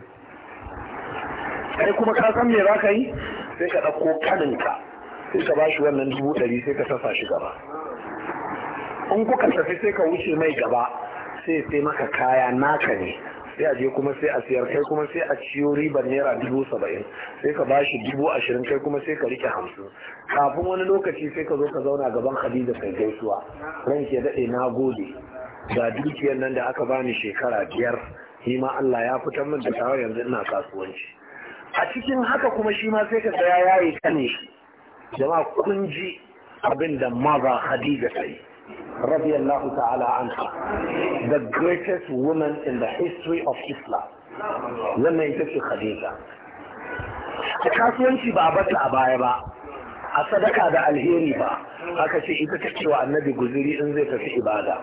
kai kuma ka san me za ka yi sai ka ɗauko kaninka sai ka bashi wannan dubu ɗari sai ka sassa shi gaba in kuka tafi sai ka wuce mai gaba sai sai maka kaya naka ne sai a je kuma sai a siyar kai kuma sai a ciyo ribar naira dubu saba'in sai ka bashi dubu ashirin kai kuma sai ka rike hamsin kafin wani lokaci sai ka zo ka zauna gaban hadiza kai gaisuwa ran ke daɗe na gode ga dukiyar nan da aka bani shekara biyar ni ma Allah ya fitar min da shawar yanzu ina kasuwanci a cikin haka kuma shi ma sai ka tsaya yayi kane shi jama'a kun ji abin da maza khadija ta yi radiyallahu ta'ala anha the greatest woman in the history of islam wannan ita ce Hadiza. a kasuwanci ba a bata a baya ba a sadaka da alheri ba aka ce ita ta cewa annabi guziri in zai tafi ibada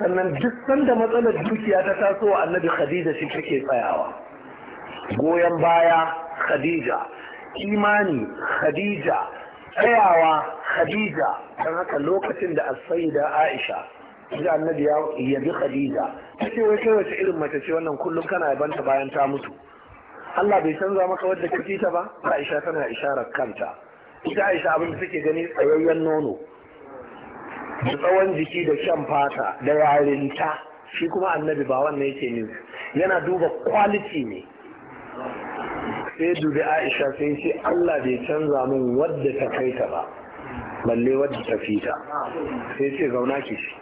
sannan duk sanda matsalar dukiya ta taso annabi khadija shi take tsayawa goyon baya khadija imani khadija tsayawa khadija don haka lokacin da da aisha ji annabi ya yabi khadija take wai kai wace irin mace ce wannan kullum kana banta bayan ta mutu Allah bai canza maka wadda kake ta ba aisha tana isharar kanta ita aisha abin da take gani tsayayyen nono da tsawon jiki da shan fata da yarinta shi kuma annabi ba wannan yake ne yana duba kwaliti ne sai dubi aisha sai ce allah bai canza min wadda ta kai ta ba balle wadda ta fita sai ce zauna ki shi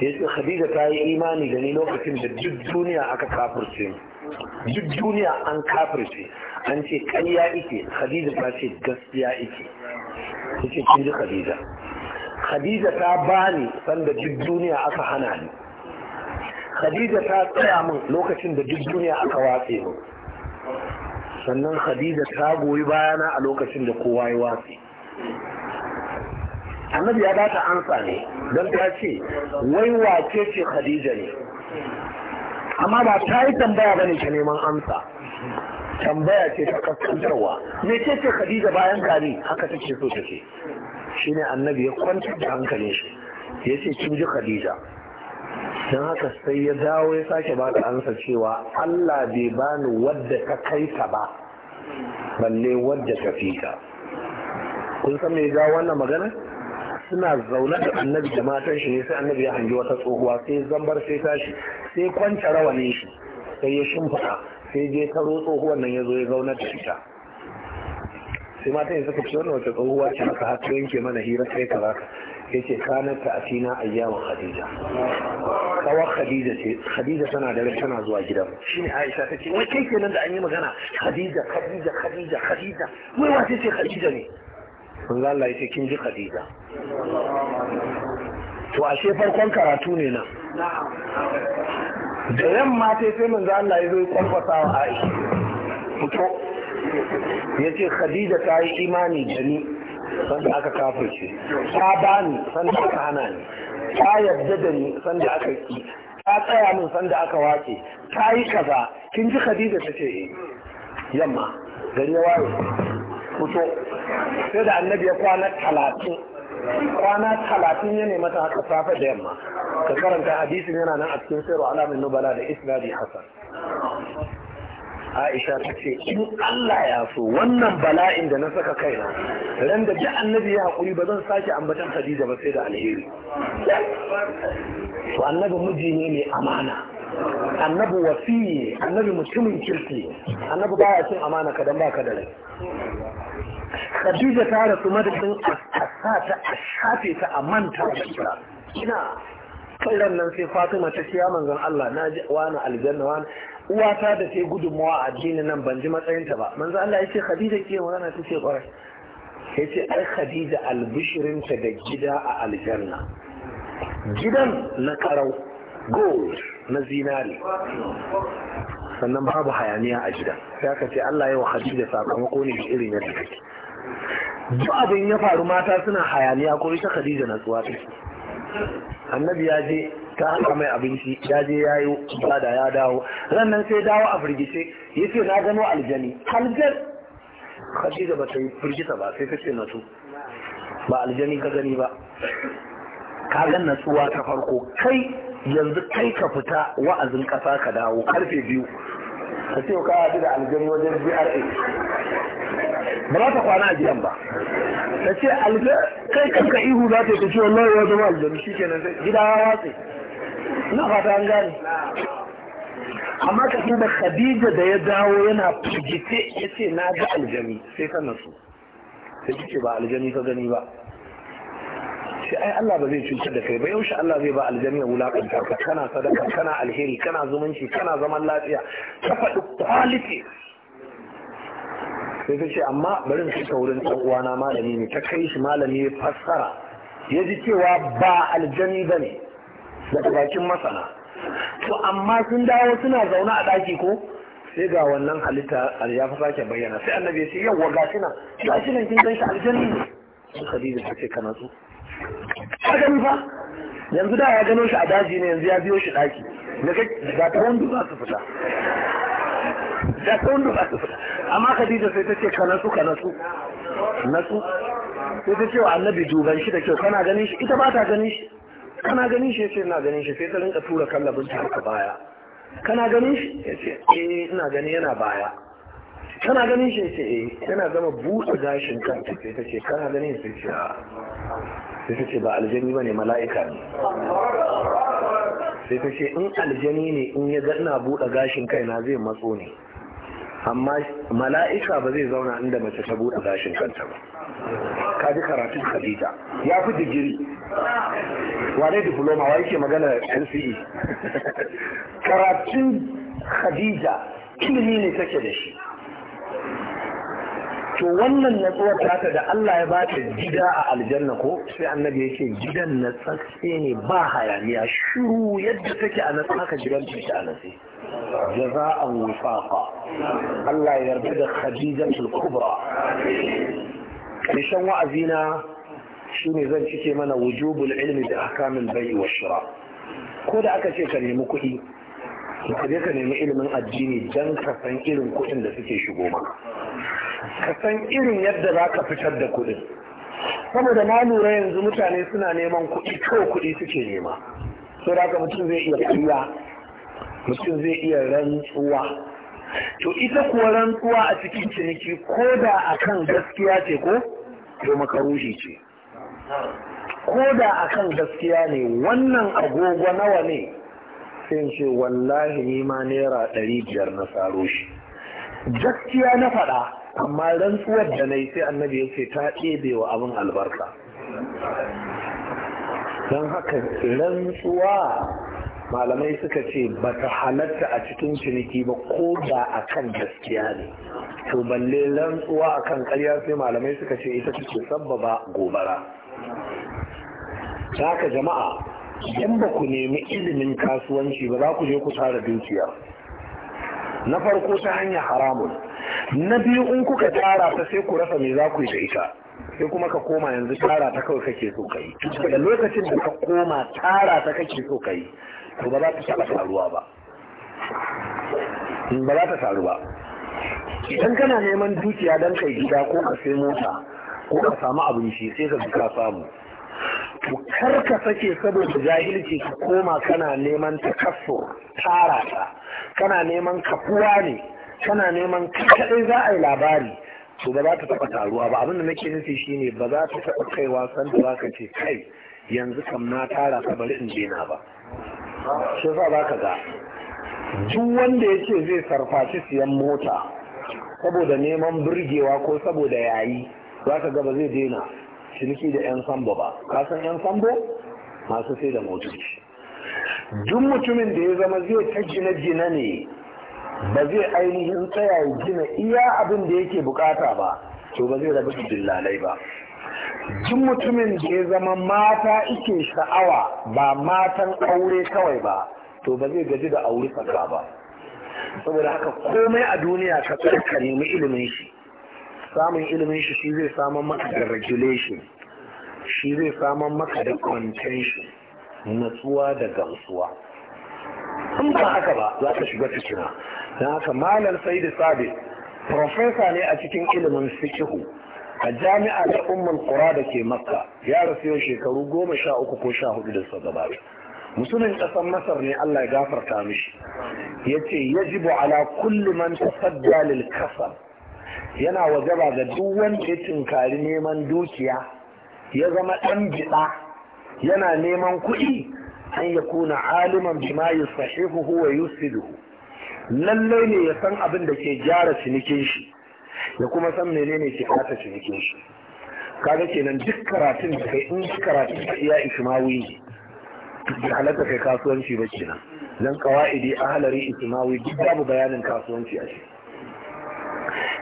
Sai ce khadija ta yi imani da ni lokacin da duk duniya aka kafirce duk duniya an kafirce an ce ƙarya ike khadija ta ce gaskiya ike ya ce kin ji khadija khadija ta bani sanda duk duniya aka hana ni khadija ta tsaya min lokacin da duk duniya aka watse min sannan khadija ta goyi bayana a lokacin da kowa ya watsi annabi ya bata amsa ne don ta ce wai wace ce khadija ne amma ba ta yi tambaya bane ta neman amsa tambaya ce ta kaskantarwa me ce ce khadija bayan gani haka take so take shine annabi ya kwantar da hankalin shi ya ce kin ji khadija don haka sai ya dawo ya sake ba ka ansa cewa allah bai bani wadda ka kai ta ba balle wadda ka fi ka kun san me ga wannan magana suna zaune da annabi da matan shi ne sai annabi ya hangi wata tsohuwa sai zambar sai tashi sai kwanta rawanin shi sai ya shimfiɗa sai je taro tsohuwan nan ya zo ya zaune da ita sai matan ya suka ce wannan wata tsohuwa ce aka hatsu yanke mana hira sai ka zaka yace kanar ta atina ayyamu khadija kawai khadija ce khadija tana da rai tana zuwa gidan ne aisha ce wai kai kenan da an yi magana khadija khadija khadija khadija wai wace ce khadija ne ga Allah yace kin ji khadija to ashe farkon karatu ne nan da yamma sai mun ga Allah ya zo ya kwafasa wa Aisha fito ce Khadija ta yi imani da ni sanda aka shi ta bani sanda aka hana ni ta yarda da ni sanda aka ki ta tsaya min sanda aka wace ta yi kaza kin ji khadija ta ce eh, yamma gari ya waye fito sai da annabi ya kwana talatin kwana talatin ya nema ta haka safe da yamma ka karanta hadisin yana nan a cikin sayarwa alamin nubala da isnadi Hassan. aisha ta ce in Allah ya so wannan bala'in da na saka kaina ran da duk annabi ya haƙuri ba zan sake ambatan Khadija ba sai da alheri to annabi miji ne mai amana annabi wasiyi annabi mutumin kirki annabi baya cin amana kadan baka da rai Khadija ta rasu madadin a a shafe ta a manta da ina kan nan sai Fatima ta ce ya manzon Allah na ji wani aljanna wani uwata da ta yi gudunmawa a addinin nan ban ji matsayinta ba manzo Allah ya ce Khadija ke magana ta ce kwarai ya ce ai Khadija ta da gida a aljanna gidan na karau gold na zinari sannan babu hayaniya a gidan Ya ka ce Allah ya wa Khadija sakamako ne da irin yadda take duk abin ya faru mata suna hayaniya ko ita Khadija natsuwa take annabi ya je ta haka mai abinci ya je ya yi bada ya dawo rannan sai dawo a firgice ya ce na gano aljani aljan khadija ba ta yi firgita ba sai ta ce na su ba aljani ka gani ba ka gan natsuwa ta farko kai yanzu kai ka fita wa'azin kasa ka dawo karfe biyu ka ce ka haɗu da aljani wajen bra ba za ta kwana a gidan ba ta ce kai kanka ihu za ta ce wallahi ya zama aljanu shi kenan gida ya watse ina fata an gane amma ka duba khadija da ya dawo yana firgice ya ce na ga aljami sai ka nasu sai ce ba aljami ka gani ba sai ai Allah ba zai cutar da kai ba yaushe Allah zai ba aljami ya wulakanta ka kana sadaka kana alheri kana zumunci kana zaman lafiya ka faɗi quality sai ta ce amma bari mu shiga wurin uwana malami ne ta kai shi malami ya fassara ya ji cewa ba aljani ba ne daga bakin masana to amma sun dawo suna zaune a ɗaki ko sai ga wannan halitta ya fi sake bayyana sai annabi ya ce yawwa ga shi nan shi nan kin san shi aljani ne sai khadija ta ce kana so ka gani fa yanzu da ya gano shi a daji ne yanzu ya biyo shi ɗaki daga ga ta wanda za su fita da sun duba amma Khadija sai ta ce ka nasu ka nasu nasu sai ta ce wa annabi duban shi da kyau kana ganin shi ita ba ta ganin shi kana ganin shi yace ina ganin shi sai ta rinka tura kallabin ta haka baya kana ganin shi yace eh ina gani yana baya kana ganin shi yace eh yana zama buɗe gashin kanta sai ta ce kana ganin shi yace ah. sai ta ce ba aljani ba ne mala'ika ne sai ta ce in aljani ne in ya ga ina buɗe gashin kaina zai matso ne amma mala'ika ba zai zauna inda mace ta buɗe gashin kanta ba ka ji karatun khadija ya fi digiri wane diploma wa yake magana nce karatun khadija ilimi ne take da shi to wannan natsuwar tata da Allah ya bata gida a aljanna ko sai annabi ya ce gidan na tsatse ne ba hayaniya shiru yadda take a nan haka gidan ta a nan jaza'an wifaqa Allah ya yarda da Khadijatul Kubra karshen wa'azina shine zan cike mana wujubul ilimi da ahkamul bai'i shira ko da aka ce ka nemi kuɗi ka je ka nemi ilimin addini dan ka san irin kuɗin da suke shigo maka ka san irin yadda za ka fitar da kuɗin saboda na lura yanzu mutane suna neman kuɗi kawai kuɗi suke nema sai da mutum zai iya kariya mutum zai iya rantsuwa to ita kuwa rantsuwa a cikin ciniki ko da a kan gaskiya ce ko to makaruhi ce ko da a kan gaskiya ne wannan agogo nawa ne sai ce wallahi ni ma naira ɗari biyar na saro shi gaskiya na faɗa amma rantsuwar da na yi sai annabi ya ce ta ɗebe wa abin albarka don haka rantsuwa malamai suka ce ba ta halatta a cikin ciniki ba ko da a kan gaskiya ne to balle rantsuwa a kan karya sai malamai suka ce ita take sabbaba gobara ta jama'a yan ba ku nemi ilimin kasuwanci ba za ku je ku tara dukiya na farko ta hanya haramun na biyu in kuka tara ta sai ku rasa me za ku yi da ita sai kuma ka koma yanzu tara ta kawai kake so kai da lokacin da ka koma tara ta kake so kai to ba ta taɓa taruwa ba ba za ta taru ba hmm, idan kana neman dukiya don kai gida ko ka sai mota ko ka samu abinci sai ka ka samu to kar ka sake saboda jahilci ka koma kana neman takasso tara ta kana neman kafuwa ne kana neman kadai za a yi labari to ba za ta taɓa taruwa ba abin da nake nufi shine ba za ta taɓa kaiwa san da za ka ce kai yanzu kam na tara ka bari in daina ba shi sa za ka ga duk wanda ya ce zai sarfaci siyan mota saboda neman burgewa ko saboda yayi za ka gaba zai daina ciniki da 'yan sambo ba kasan 'yan sambo masu sai da motoci duk mutumin da ya zama zai ta gina-gina ne ba zai ainihin tsaya gina iya abin da yake bukata ba to ba zai rabu da dillalai ba duk mutumin da ya zama mata ike sha'awa ba matan aure kawai ba to ba zai gaji da aure tsaka ba saboda haka komai a duniya ka ka nemi ilimin shi samun ilimin shi shi zai samun maka da regulation shi zai samun maka da contention natsuwa da gamsuwa in ba haka ba za ka shiga fikira don haka malam sai da sabi profesa ne a cikin ilimin fikihu a jami'a da umman kura da ke makka ya rasu yau shekaru goma sha uku ko sha hudu da suka gabata musulmin ƙasar masar ne allah ya gafarta mishi ya ce yajibu ala kulli man tasadda lil kasar yana wajaba ga duk wanda ya tinkari neman dukiya ya zama ɗan biɗa yana neman kuɗi an ya kuna aliman bima yusahihu wa yusiduhu lallai ne ya san abin da ke gyara cinikin shi ya kuma san menene ke kata jikin shi kaga kenan duk karatun da kai in shi karatun da iya ismawi ne da halatta kai kasuwanci ba kenan dan qawaidi ahlari ismawi duk babu bayanin kasuwanci a shi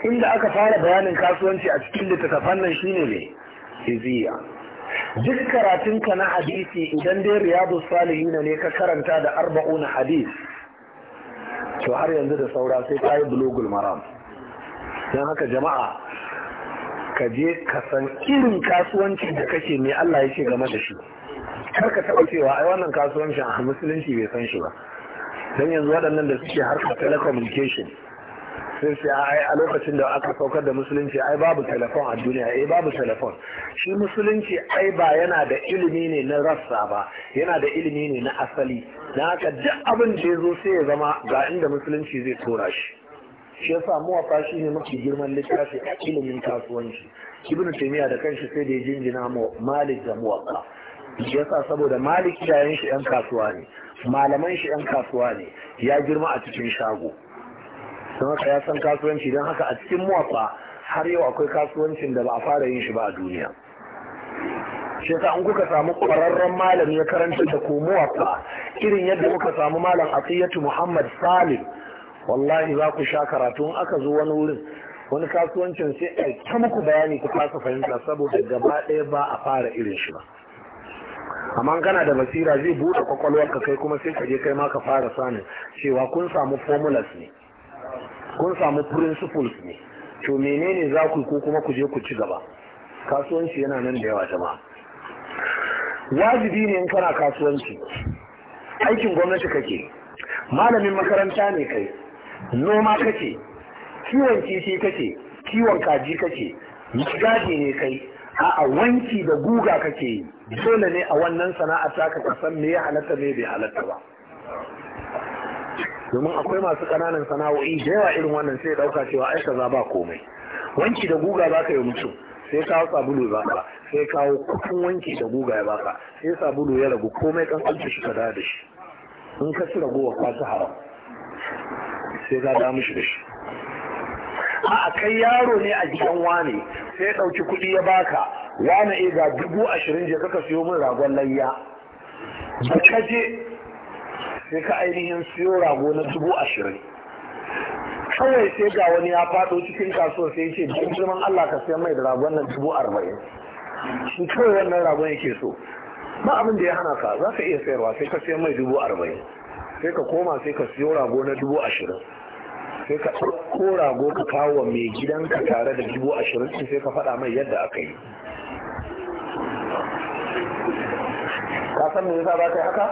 inda aka fara bayanin kasuwanci a cikin littattafan nan shine ne iziya duk karatun ka na hadisi idan dai riyadu salihina ne ka karanta da arba'una hadis to har yanzu da saura sai ka yi bulogul maram don haka jama'a ka je ka san irin kasuwanci da kake mai Allah ya ce game da shi kar ka taɓa cewa ai wannan kasuwanci a musulunci bai san shi ba don yanzu waɗannan da suke harkar telecommunication sun ce a lokacin da aka saukar da musulunci ai babu telefon a duniya ai eh, babu telefon shi musulunci ai ba yana da ilimi ne na rassa ba yana da ilimi ne na asali na haka duk abin da ya zo sai ya zama ga inda musulunci zai tura shi shi yasa muwafa shi ne mafi girman littafi a ilimin kasuwanci ibn taymiya da kanshi sai da jinjina jinjina malik da muwafa shi yasa saboda malik yayin shi yan kasuwa ne malaman shi yan kasuwa ne ya girma a cikin shago don haka ya san kasuwanci don haka a cikin muwafa har yau akwai kasuwancin da ba a fara yin shi ba a duniya shi yasa in kuka samu kwararren malami ya karanta da ko muwafa irin yadda kuka samu malam asiyatu muhammad salim wallahi za ku sha karatu in aka zo wani wurin wani kasuwancin sai a ta muku bayani ku fasa fahimta saboda gaba ɗaya ba a fara irin shi ba amma kana da basira zai buɗe kwakwalwarka kai kuma sai ka je kai ma ka fara sanin cewa kun samu formulas ne kun samu principles ne to menene za ku ko kuma ku je ku ci gaba kasuwanci yana nan da yawa jama'a wajibi ne in kana kasuwanci aikin gwamnati kake malamin makaranta ne kai noma kake kiwon kifi kake kiwon kaji kake gadi ne kai a wanki da guga kake yi dole ne a wannan sana'a ta ka kasan me ya halatta me bai halatta ba domin akwai masu kananan sana'o'i da yawa irin wannan sai dauka cewa ai kaza ba komai wanki da guga za ka yi mutum sai kawo sabulu ya baka sai kawo kudin wanki da guga ya baka sai sabulu ya ragu komai kan alci shi ka da shi in ka ci ragowa ka haram sai za da mishi da shi a kai yaro ne a gidan wane sai ya ɗauki kuɗi ya baka wane e ga dubu ashirin je kaka siyo min ragon layya da ka je sai ka ainihin siyo rago na dubu ashirin kawai sai ga wani ya faɗo cikin kasuwa sai ce don girman Allah ka siya mai da ragon nan dubu arba'in shi kawai wannan ragon yake so ba abin da ya hana ka za ka iya sayarwa sai ka siya mai dubu arba'in sai ka koma sai ka siyo rago na dubu ashirin sai ka ɗauko rago ka kawo wa mai gidanka tare da dubu ashirin sai ka faɗa mai yadda aka yi ka san me yasa ba kai haka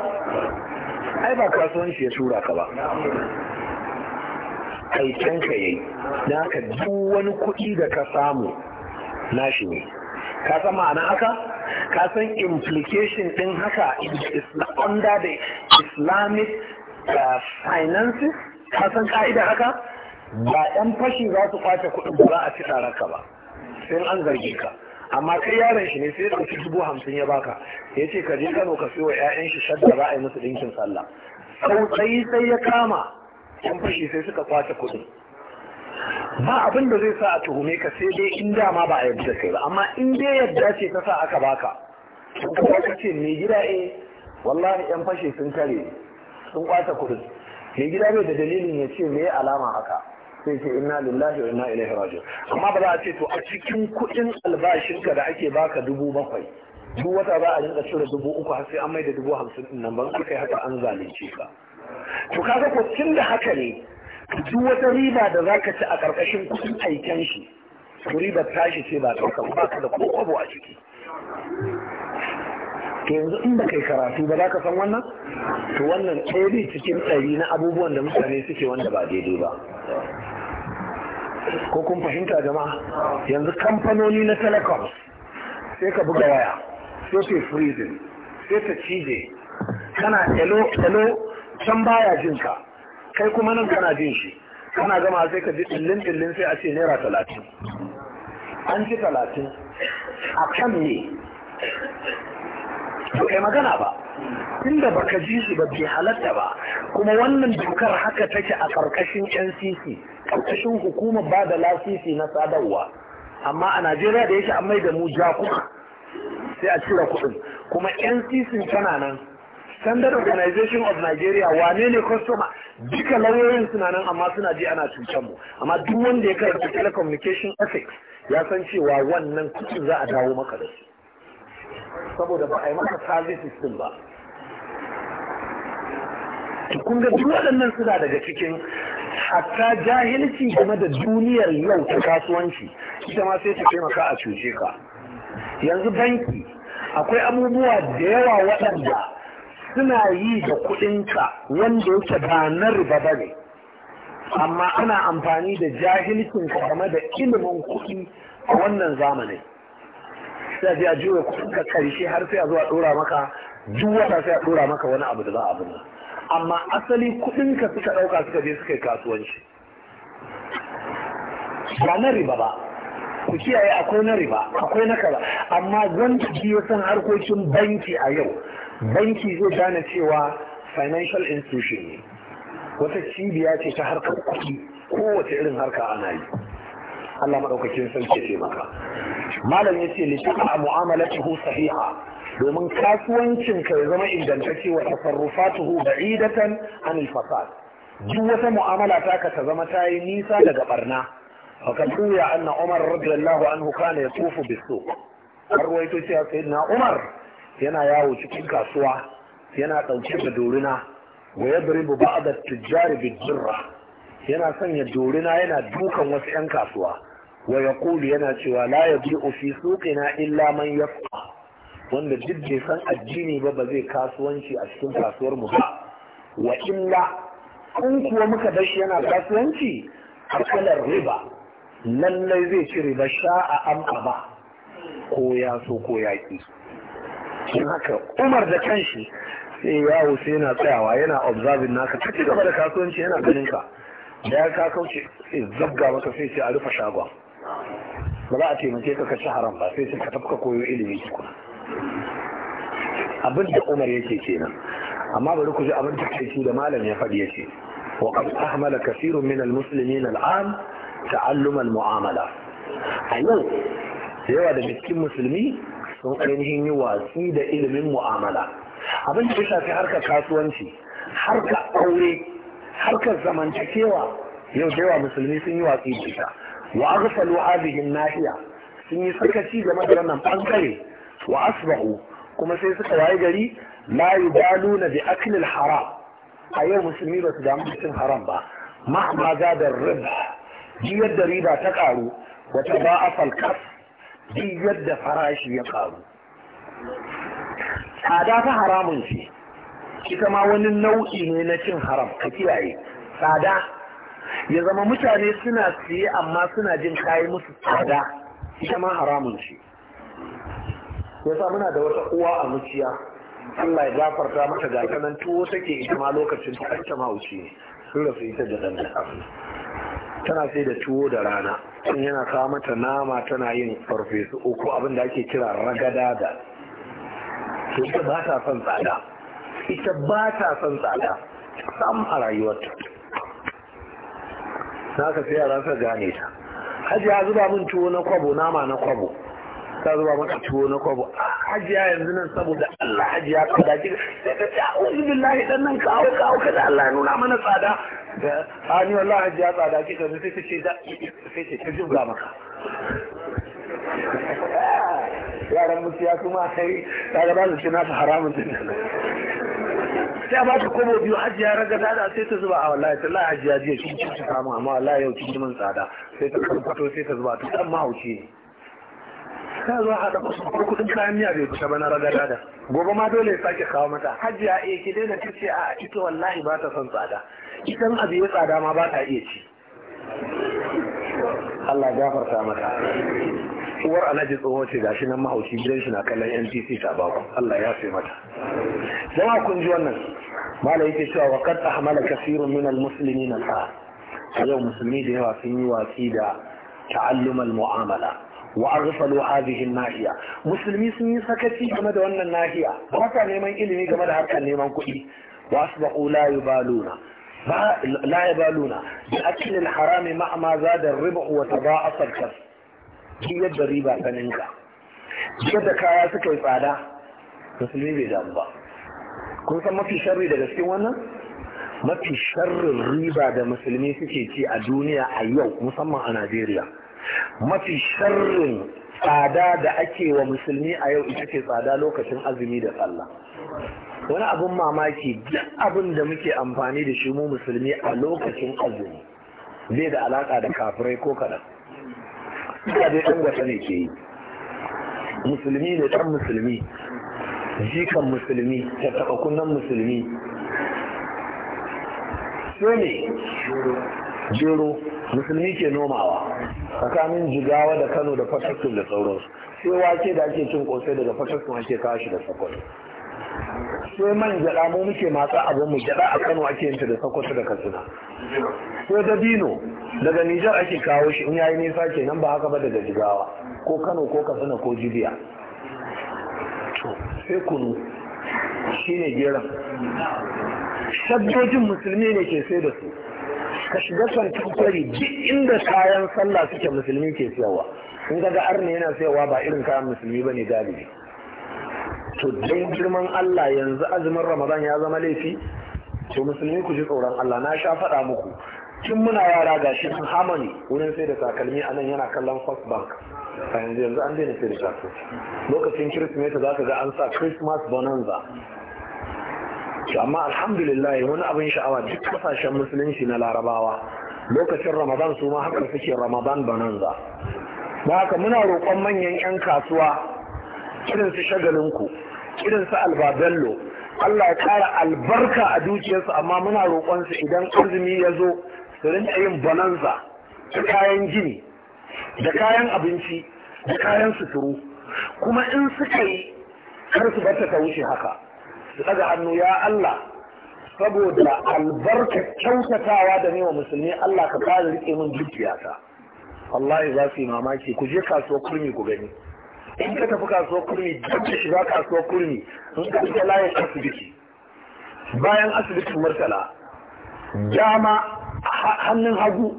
ai ba kasuwanci ya tura ka ba kai can ka yayi dan ka duk wani kuɗi da ka samu nashi ne ka san ma'ana haka ka san implication din haka is under the islamic finances kasan ka'ida haka ba ɗan fashi za su kwace kuɗin ba za a ci ka ba sai an zarge ka amma kai yaron shi ne sai ya ɗauki dubu hamsin ya baka ya ce ka je kano ka siyo wa 'ya'yan shi shadda za a yi musu ɗinkin sallah tsayi sai ya kama ɗan fashi sai suka kwace kuɗin ba abin da zai sa a tuhume ka sai dai in dama ba a yarda kai ba amma in dai yarda ce ta sa aka baka ka ce mai gida eh wallahi 'yan fashi sun kare sun kwace kudin mai gida bai da dalilin ya ce me alama haka sai ce inna lillahi wa inna ilaihi raji'un amma ba za a ce to a cikin kudin albashinka da ake baka dubu bakwai duk wata za a rinka cire dubu uku har sai an mai da dubu hamsin din nan ban kai haka an zalunce ka to kaga ko tun da haka ne duk wata riba da za ka ci a karkashin kudin aiken shi ribar tashi ce ba ɗaukar ba ka da ko a ciki yanzu in ba kai karatu ba za ka san wannan to wannan ɗaya cikin ɗari na abubuwan da mutane suke wanda ba daidai ba ko kun fahimta jama'a yanzu kamfanoni na telecom sai ka buga waya sai ta freezing sai ta cije kana elo, elo, can baya jin ka kai kuma nan kana jin shi kana gama sai ka ji dillin dillin sai a ce naira talatin an ci talatin a kan ne kai magana ba inda baka ji su ba bai halatta ba kuma wannan dokar haka take a karkashin NCC karkashin hukumar ba da lasisi na sadarwa amma a Najeriya da yake an mai da mu jakuna sai a cire kuɗin kuma NCC tana nan Standard Organization of Nigeria wane ne kwastoma duka lauyoyin suna nan amma suna ji ana cutar mu amma duk wanda ya karanta telecommunication ethics ya san cewa wannan kuɗin za a dawo maka da su saboda ba a yi maka services din ba kun ga duk waɗannan suna daga cikin hatta jahilci game da duniyar yau ta kasuwanci ita ma sai ta taimaka a cuce ka yanzu banki akwai abubuwa da yawa waɗanda suna yi da kuɗinka wanda yake ba na riba ba ne amma ana amfani da jahilcin game da ilimin kuɗi a wannan zamanin sai a je a juya kuɗinka karshe har sai a zuwa a maka duk wata sai a ɗora maka wani abu da za a abin amma asali kuɗinka suka ɗauka suka je suka yi kasuwanci ba na riba ba ku kiyaye akwai na riba akwai na kaza amma wanda ya san harkokin banki a yau banki zai gane cewa financial institution ne wata cibiya ce ta harkar kuɗi kowace irin harka ana yi Allah maɗaukakin sarki ce maka malam ya ce litaa a mu'amalatuhu sahiha domin kasuwancin ka ya zama ingantacce wa tasarrufatuhu ba'idatan anil fasad duk wata mu'amala taka ta zama ta yi nisa daga barna fakat tuya anna umar radiyallahu anhu kana yatufu bisu har waito cewa sayyidina umar yana yawo cikin kasuwa yana ɗauke da doruna wa yadribu ba'da tijjari bijirra yana sanya doruna yana dukan wasu 'yan kasuwa wa yaqulu yana cewa la yabi'u fi suqina illa man yafqa wanda duk bai san addini ba ba zai kasuwanci a cikin kasuwar mu ba wa illa kun kuwa muka bar yana kasuwanci kalar riba lallai zai ci riba sha'a am aba ko ya so ko ya ki kin haka umar da kanshi sai yawo sai yana tsayawa yana observing naka ka ci gaba da kasuwanci yana ganin ka da ya ka kauce sai zabga maka sai ce a rufe shagon ba za a taimake ka kashe haram ba sai ka tafka koyo ilimi tukuna abin da umar yake kenan amma bari ku ji abin da kai da malam ya faɗi yace wa qad ahmala kathirun min al-muslimin ta'allum muamala a yau yawa da cikin musulmi sun ainihin yi watsi da ilimin mu'amala abin da ya shafi harkar kasuwanci harkar aure harkar zamantakewa yau da yawa musulmi sun yi watsi da ita wa aghsalu hadhihi nahiya sun yi sakaci game da wannan bangare wa asbahu kuma sai suka waye gari la yudaluna bi aklil haram a yau musulmi ba su damu da cin haram ba mahma da riba ji yadda riba ta karu wata ba a falkas ji yadda farashi ya karu tsada ta haramun ce ita ma wani nau'i ne na cin haram ka kiyaye tsada ya zama mutane suna siye amma suna jin kayi musu tsada ita ma haramun ce yasa muna da wata uwa a muciya Allah ya gafarta mata ga kanan tuwo take ita ma lokacin ta kanta ma ne sun rasu ita da dan tana sai da tuwo da rana sun yana kawo mata nama tana yin farfesu uku abin da ake kira ragada da ita ba ta son tsada ita ba ta son tsada sam a rayuwarta na ka sai yara sa gane ta ya zuba min tuwo na kwabo nama na kwabo ta zuba maka tuwo na kwabo ya yanzu nan saboda Allah hajji ya kada ki sai ka ta uzu billahi dan nan ka hauka hauka da Allah nuna mana tsada a ni wallahi ya tsada ki sai sai ta ce da sai ce ta jibga maka yaran mutu ya kuma sai ta ga ba su ci nasu haramun din nan sai ba ta kobo biyu ajiya raga da sai ta zuba a wallahi ta la ajiya jiya kin ci ta mu amma wallahi yau kin min tsada sai ta fito sai ta zuba ta dan mahauci ne ta zo a da kusa kudin kayan miya bai kusa ba na raga da gobe ma dole ya sake kawo mata hajiya eh ki daina ta ce a ita wallahi ba ta son tsada idan abu ya tsada ma ba ta iya ci Allah gafarta mata uwar alhaji tsoho ce gashi nan mahauci gidan shi na kallon NTC ta baku Allah ya sai mata Zama kun ji wannan mala yake cewa wa qad ahmala kathirun min almuslimin al a yau musulmi da yawa sun yi watsi da ta'allum muamala wa arsalu hadhihi nahiya musulmi sun yi sakaci game da wannan nahiya ba ka neman ilimi game da harkar neman kuɗi wa asbahu la yubaluna لا يبالون بأكل الحرام مع ما زاد الربح وتضاعف الكسب duk yadda riba ta yadda kaya suka yi tsada musulmi bai damu ba kun san mafi sharri da gaske wannan mafi sharrin riba da musulmi suke ci a duniya a yau musamman a najeriya mafi sharrin tsada da ake wa musulmi a yau ita ce tsada lokacin azumi da sallah wani abun mamaki duk abin da muke amfani da shi mu musulmi a lokacin azumi zai da alaka da kafirai ko kaɗan ina dai ɗan gasa ne ke yi musulmi ne ɗan musulmi jikan musulmi ta taɓa kunnan musulmi sai ne jero musulmi ke nomawa tsakanin jigawa da kano da fatattun da sauransu sai wake da ake cin kosai daga fatattun ake kawo shi da sakwai sai man gyaɗa mu muke matsa abin mu gyaɗa a kano ake yin da sakwato da katsina sai dabino daga nijar ake kawo shi in yayi nisa nan ba haka ba daga jigawa ko kano ko katsina ko jibiya sai kunu shi ne geran shaddojin musulmi ne ke sai da su ka shiga santan kwari duk inda kayan sallah suke musulmi ke siyawa. in ga arna yana sayarwa ba irin kayan musulmi ba ne galibi to don girman Allah yanzu azumin Ramadan ya zama laifi to musulmi ku ji tsoron Allah na sha faɗa muku tun muna yara ga shi hamani wurin sai da takalmi anan yana kallon first bank a yanzu yanzu an daina sai da shafi lokacin kirsimeti za ka ga an sa christmas bonanza amma alhamdulillah wani abin sha'awa duk kasashen musulunci na larabawa lokacin ramadan su ma haka suke ramadan bonanza da haka muna roƙon manyan 'yan kasuwa irin su shagalinku irin su albabello Allah ya kara albarka a dukiyarsu amma muna roƙonsa idan azumi ya zo su rinka yin bananza da kayan gini da kayan abinci da kayan suturu kuma in suka yi kar su barta ta wuce haka su ɗaga hannu ya Allah saboda albarka kyautatawa da ne wa musulmi Allah ka ƙara rike min dukiyata wallahi za su yi mamaki ku je kasuwa kurmi ku gani in ka tafi kasuwar kurmi duk da shiga kasuwar kurmi sun ka layin asibiti bayan asibitin murtala dama hannun hagu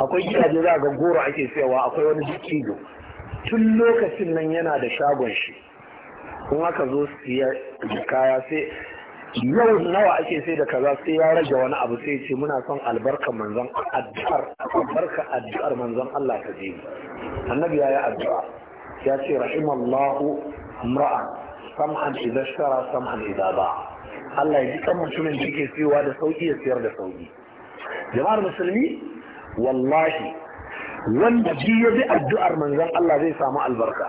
akwai gidaje za ga goro ake sayawa akwai wani jikido tun lokacin nan yana da shagon shi kun aka zo siya kaya sai yau nawa ake sai da kaza sai ya rage wani abu sai ce muna son albarka manzon addu'ar albarka addu'ar manzon Allah ta je annabi ya yi addu'a ya ce rahimallahu amra'a sam'an idan shara sam'an idan ba Allah ya ji kan mutumin da yake siyowa da sauki ya siyar da sauki jama'ar musulmi wallahi wanda bi ya bi addu'ar manzon Allah zai samu albarka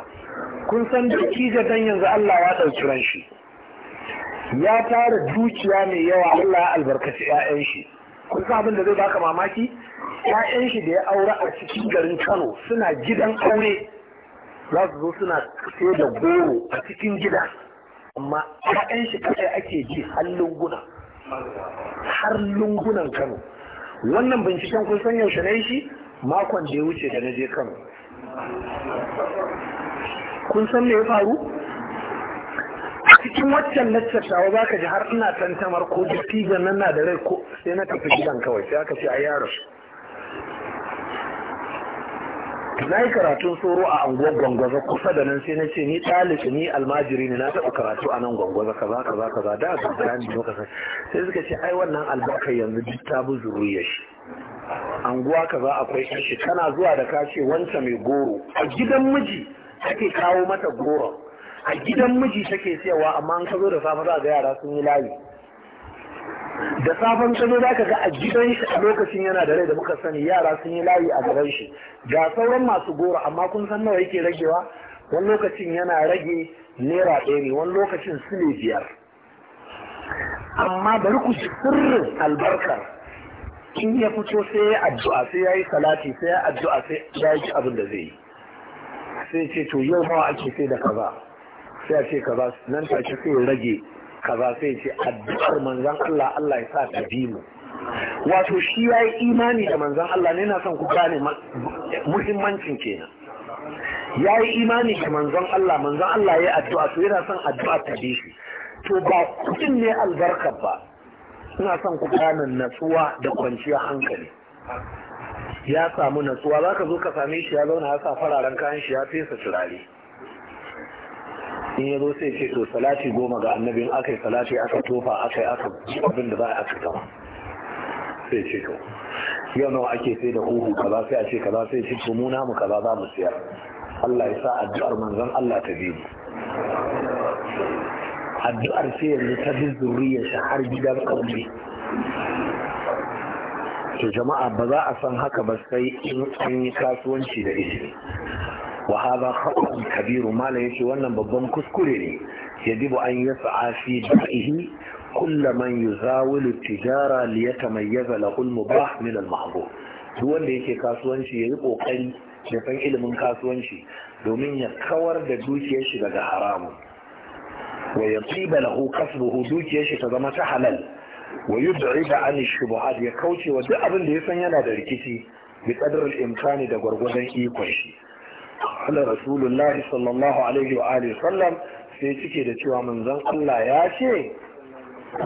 kun san da dan yanzu Allah ya dauki ran shi ya tara dukiya mai yawa Allah ya albarkaci 'ya'yan shi kun san abin da zai baka mamaki 'ya'yan shi da ya aure a cikin garin Kano suna gidan aure za su zo suna sai da goro a cikin gida amma ƴaƴan shi kaɗai ake ji har lunguna har lungunan kano wannan binciken kun san yaushe na shi makon da ya wuce da na je kano kun san me ya faru cikin waccan lattattawa za ka ji har ina tantamar ko jirgin nan na da rai ko sai na tafi gidan kawai sai aka ce a yaro na yi karatun tsoro a anguwar gwangwaza kusa da nan sai na ce ni ɗalibi ni almajiri ne na taɓa karatu a nan gwangwaza kaza kaza kaza da a ni muka san sai suka ce ai wannan albarka yanzu duk ta bi zuriya shi anguwa kaza akwai ɗan kana zuwa da ka ce wancan mai goro a gidan miji take kawo mata goron a gidan miji take siyarwa amma an ka zo da safe za a ga yara sun yi layi da safan tsaro za ka ga a gidan shi a lokacin yana da rai da muka sani yara sun yi layi a gaban shi ga sauran masu goro amma kun san nawa yake ragewa wani lokacin yana rage naira ne, wani lokacin ne biyar amma bari ku ji sirrin albarkar in ya fito sai ya addu'a sai ya yi salati sai ya addu'a sai ya yi abin da zai yi sai ce to yau ma ake sai da kaza sai a ce kaza nan take sai ya rage kaza sai ce addu'ar manzan Allah Allah ya sa ta bi mu wato shi ya yi imani da manzan Allah ne na son ku gane muhimmancin kenan ya yi imani da manzan Allah manzan Allah ya yi addu'a to yana son addu'a ta bi shi to ba kudin ne albarka ba ina son ku gane natsuwa da kwanciyar hankali ya samu natsuwa za ka zo ka same shi ya zauna ya sa fararen kayan shi ya fesa turare in ya zo sai ce to salati goma ga annabin aka yi salati aka tofa aka yi aka abin da za a aka gama sai ce to yau nawa ake sai da huhu kaza sai a ce kaza sai ce to mu namu kaza za mu siyar Allah ya sa addu'ar manzon Allah ta bi addu'ar sai yanzu ta bi zuriyar shi har gidan kauri to jama'a ba za a san haka ba sai in an yi kasuwanci da izini wa hadha khata'un kabiru malam yace wannan babban kuskure ne yajibu an yas'a fi da'ihi kull man yuzawilu tijara li yatamayyaza lahu al-mubah min al-mahbub duk wanda yake kasuwanci yayi kokari ya san ilimin kasuwanci domin ya kawar da dukiyar shi daga haramun wa yatiba lahu kasbuhu dukiyar shi ta zama ta halal wa yud'ida an shubuhat ya kauce wa duk abin da ya san yana da rikici bi qadar al-imkani da gwargwadon ikon shi ala rasulullahi sallallahu alaihi wa sallam sai cike da cewa manzon Allah ya ce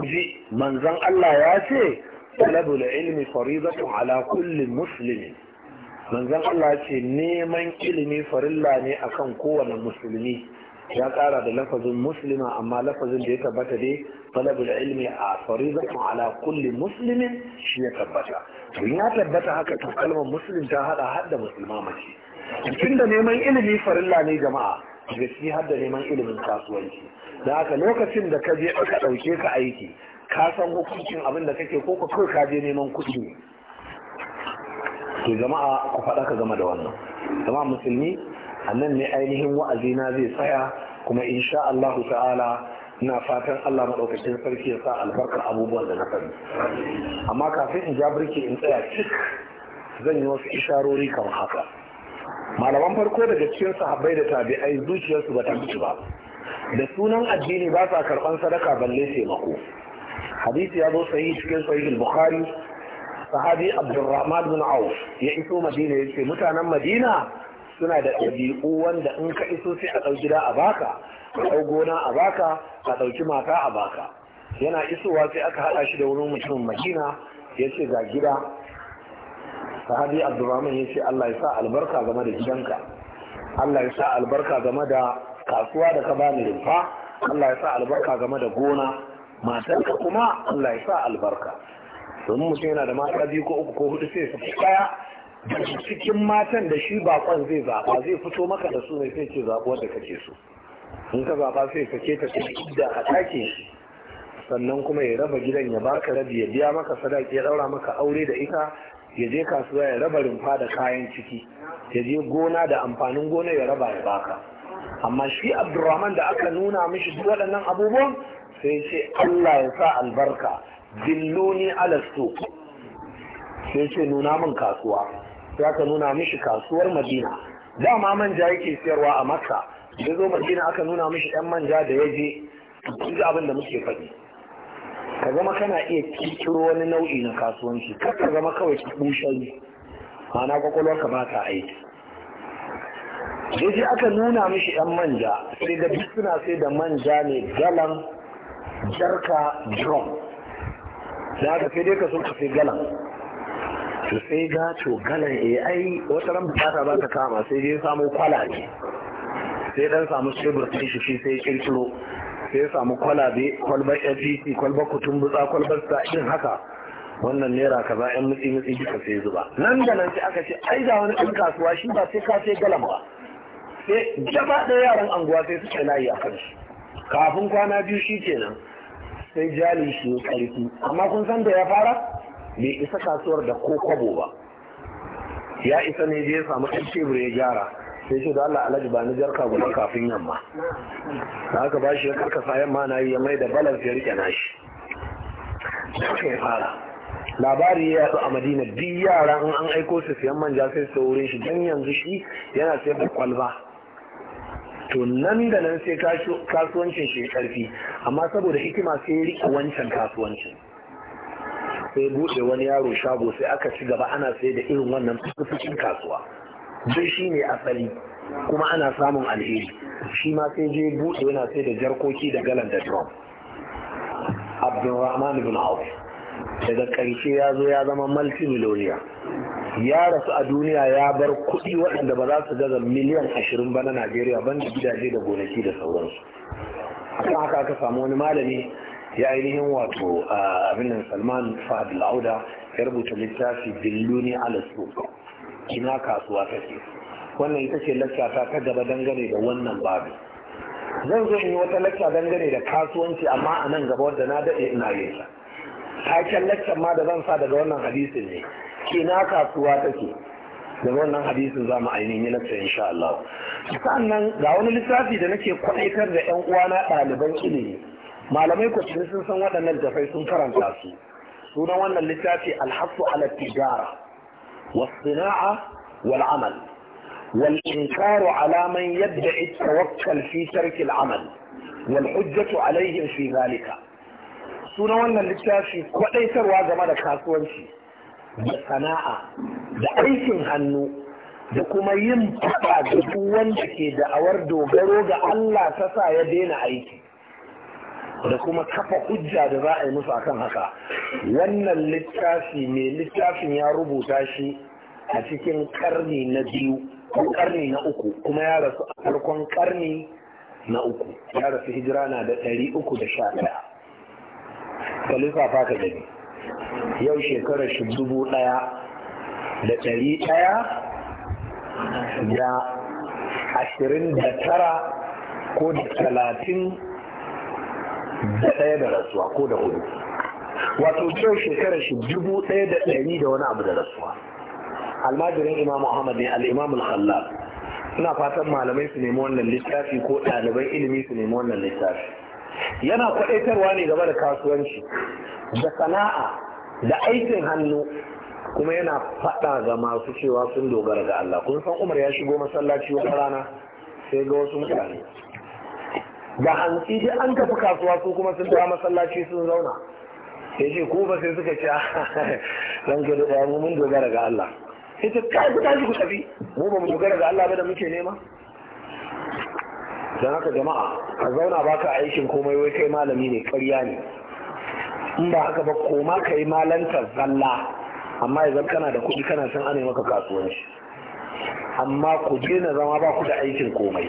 ji manzon Allah ya ce talabul ilmi faridatun ala kulli muslimin manzon Allah ce neman ilimi farilla ne akan kowane musulmi ya kara da lafazin muslima amma lafazin da ya tabbata dai talabul ilmi a farizatun ala kulli muslimin shi ya tabbata to ya tabbata haka to kalmar muslim ta hada hadda musulma mace tun da neman ilimi farilla ne jama'a gaske har da neman ilimin kasuwanci da haka lokacin da ka je aka ɗauke ka aiki ka san hukuncin abin da kake ko kawai ka je neman kuɗi ne to jama'a ku faɗa ka game da wannan jama'a musulmi a nan ne ainihin wa'azina zai tsaya kuma insha Allah ta'ala ina fatan Allah maɗaukacin sarki ya sa albarkar abubuwan da na sani amma kafin in ja birki in tsaya cik zan yi wasu isharori kamar haka malaman farko daga cikin sahabbai da tabi'ai zuciyarsu ba ta mutu ba da sunan addini ba sa karban sadaka balle taimako hadisi ya zo sahih cikin sahih bukhari sahabi abdurrahman bin auf ya iso madina ya ce mutanen madina suna da ɗabi'u wanda in ka iso sai a ɗau gida a baka a ɗau gona a baka a ɗauki mata a baka yana isowa sai aka haɗa shi da wurin mutumin madina ya ce ga gida sahabi abdurrahman ya ce Allah ya sa albarka game da gidanka Allah ya sa albarka game da kasuwa da ka bani rumfa Allah ya sa albarka game da gona matarka kuma Allah ya sa albarka domin mutum yana da mata biyu ko uku ko hudu sai su fi Daga cikin matan da shi bakon zai zaɓa zai fito maka da su ne sai ce zaɓuwar da kake so in ka zaɓa sai ke ta ta da a ɗakin shi sannan kuma ya raba gidan ya baka rabi ya biya maka sadaki ya ɗaura maka aure da ita ya je kasuwa ya raba rumfa da kayan ciki ya je gona da amfanin gona ya raba ya baka amma shi abdurrahman da aka nuna mishi duk waɗannan abubuwan sai ce Allah ya sa albarka dilloni alasto sai ce nuna min kasuwa sai aka nuna mishi kasuwar madina dama manja yake siyarwa a makka da zo madina aka nuna mishi yan manja da ya je duk abin da muke faɗi ka zama kana iya kirkiro wani nau'i na kasuwanci kar ka zama kawai ki Mana ma'ana ka ba ta aiki jeji aka nuna mishi yan manja sai da suna sai da manja ne galan jarka drum da aka sai dai ka sun ka galan to sai ga to galan ya eh, ai wata ran bukata ba ta kama sai dai samu kwalaye sai dan samu shebur din shi sai kirkiro sai ya samu kwalabe kwalbar fpc kwalbar kutun butsa kwalbar irin haka wannan naira kaza yan mutsi mutsi duka sai zuba nan da nan sai aka ce ai da wani ɗan kasuwa shi ba sai ka sai galan ba sai gaba ɗaya yaran anguwa sai suka layi a kan shi kafin kwana biyu shi kenan sai jali shi ya karfi. amma kun san da ya fara bai isa kasuwar da ko kwabo ba ya isa ne je ya samu ɗan tebur ya gyara sai shi da Allah alaji ba ni jarka guda kafin yamma da aka bashi ya karkasa yamma na yi ya mai da balance ya rike nashi aka ya fara labari ya yasu a madina biyu yara in an aiko su siyan manja sai su wurin shi don yanzu shi yana sayar da kwalba to nan da nan sai kasuwancin shi karfi amma saboda hikima sai ya rike wancan kasuwancin sai buɗe wani yaro shago sai aka ci gaba ana sai da irin wannan fukufukin kasuwa duk shi ne asali kuma ana samun alheri shi ma sai je buɗe yana sai da jarkoki da galan da drum abdulrahman ibn auf daga ƙarshe ya zo ya zama multimillionaire ya rasu a duniya ya bar kuɗi waɗanda ba za su gaza miliyan ashirin ba na najeriya ban da gidaje da gonaki da sauransu akan haka aka samu wani malami ya ainihin wato ah, abin salman fahad lauda ya rubuta littafi billuni ala Kina kasuwa take wannan ita ce lakka ta ta gaba dangane da wannan babu zan zo in yi wata lakka dangane da kasuwanci amma a nan gaba wadda na daɗe ina yin sa taken lakka ma da zan sa daga wannan hadisin ne Kina kasuwa take Da wannan hadisin za mu ainihin lakta insha Allah sannan ga wani littafi da nake kwaɗaitar da 'yan uwana ɗaliban ilimi malamai kwacin sun san waɗannan jafai sun karanta su sunan wannan littafi alhassu ala tijara والصناعة والعمل والإنكار على من يدعي التوكل في ترك العمل والحجة عليهم في ذلك suna wannan littafi kwaɗaitarwa game da kasuwanci da sana'a da aikin hannu da kuma yin faɗa da duk wanda ke da'awar dogaro ga Allah ta sa ya daina aiki da kuma kafa hujja da za a yi musu akan haka wannan littafi mai littafin ya rubuta shi a cikin karni na biyu ko karni na uku kuma ya rasu a farkon karni na uku ya rasu hijira na da ɗari uku da sha ɗaya kalifa fata gani yau shekarar shi dubu ɗaya da ɗari ɗaya da ashirin da tara ko da talatin da ɗaya da rasuwa ko da hudu wato yau shekarar shi dubu ɗaya da ɗari da wani abu da rasuwa almajirin Imam ahmad ne al-imam al-khallal ina fatan malamai su nemi wannan littafi ko ɗaliban ilimi su nemi wannan littafi yana kwaɗaitarwa ne gaba da kasuwanci da sana'a da aikin hannu kuma yana faɗa ga masu cewa sun dogara ga Allah kun san Umar ya shigo masallaci wata rana sai ga wasu mutane da hantsi dai an tafi kasuwa su kuma sun dawo masallaci sun zauna ya ce ko ba sai suka ce ran gado ɗaya mun dogara ga Allah sai ta kai ku tashi mu ba mu dogara ga Allah ba da muke nema don haka jama'a ka zauna baka aikin komai wai kai malami ne ƙarya ne in ba haka ba koma ka yi malantar zalla amma idan kana da kuɗi kana san ana maka kasuwanci amma ku daina zama ba ku da aikin komai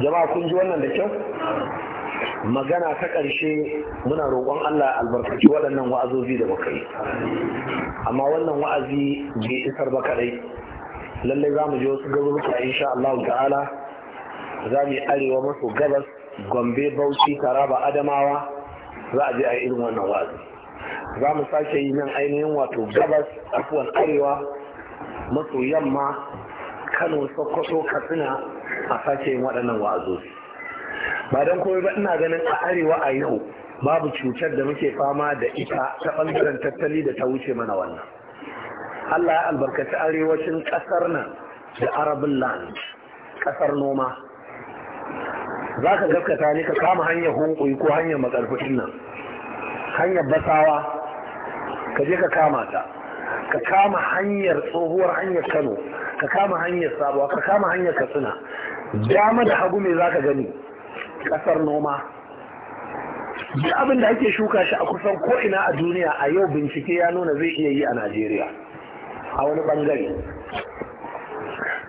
jama'a kun ji wannan da kyau magana ta ƙarshe muna roƙon Allah albarkaci waɗannan wa'azozi da muka yi amma wannan wa'azi bai isar ba kadai lallai za mu je wasu garuruka insha Allah ta'ala za mu yi arewa maso gabas gombe bauchi taraba adamawa za a je a yi irin wannan wa'azi za mu sake yi nan ainihin wato gabas afuwan arewa maso yamma kano sokoto katsina a sake yin waɗannan wa'azozi ba don komai ba ina ganin a arewa a yau babu cutar da muke fama da ita ta ɓangaren tattali da ta wuce mana wannan Allah ya albarkaci arewacin ƙasar nan da arabin land ƙasar noma za ka gaskata ne ka kama hanyar hunkuri ko hanyar makarfashin nan hanyar basawa ka je ka kama ta ka kama hanyar tsohuwar hanyar kano ka kama hanyar sabuwa ka kama hanyar katsina dama da hagu me za ka gani ƙasar noma duk abin da ake shuka shi a kusan ko'ina a duniya a yau bincike ya nuna zai iya yi a najeriya a wani bangare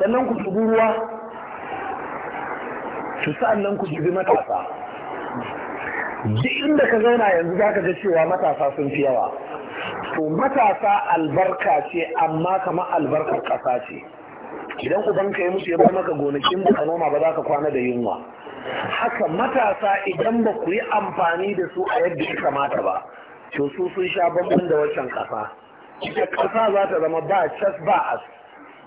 sannan ku dubi ruwa su sa'annan ku dubi matasa duk inda ka zauna yanzu za ka ga cewa matasa sun fi yawa to matasa albarka ce amma kama albarkar ƙasa ce idan ubanka ya mutu ya bar maka gonakin ba noma ba za ka kwana da yunwa haka matasa idan ba ku yi amfani da su a yadda ya kamata ba to su sun sha bambam da wancan kasa ita kasa za ta zama ba cas ba as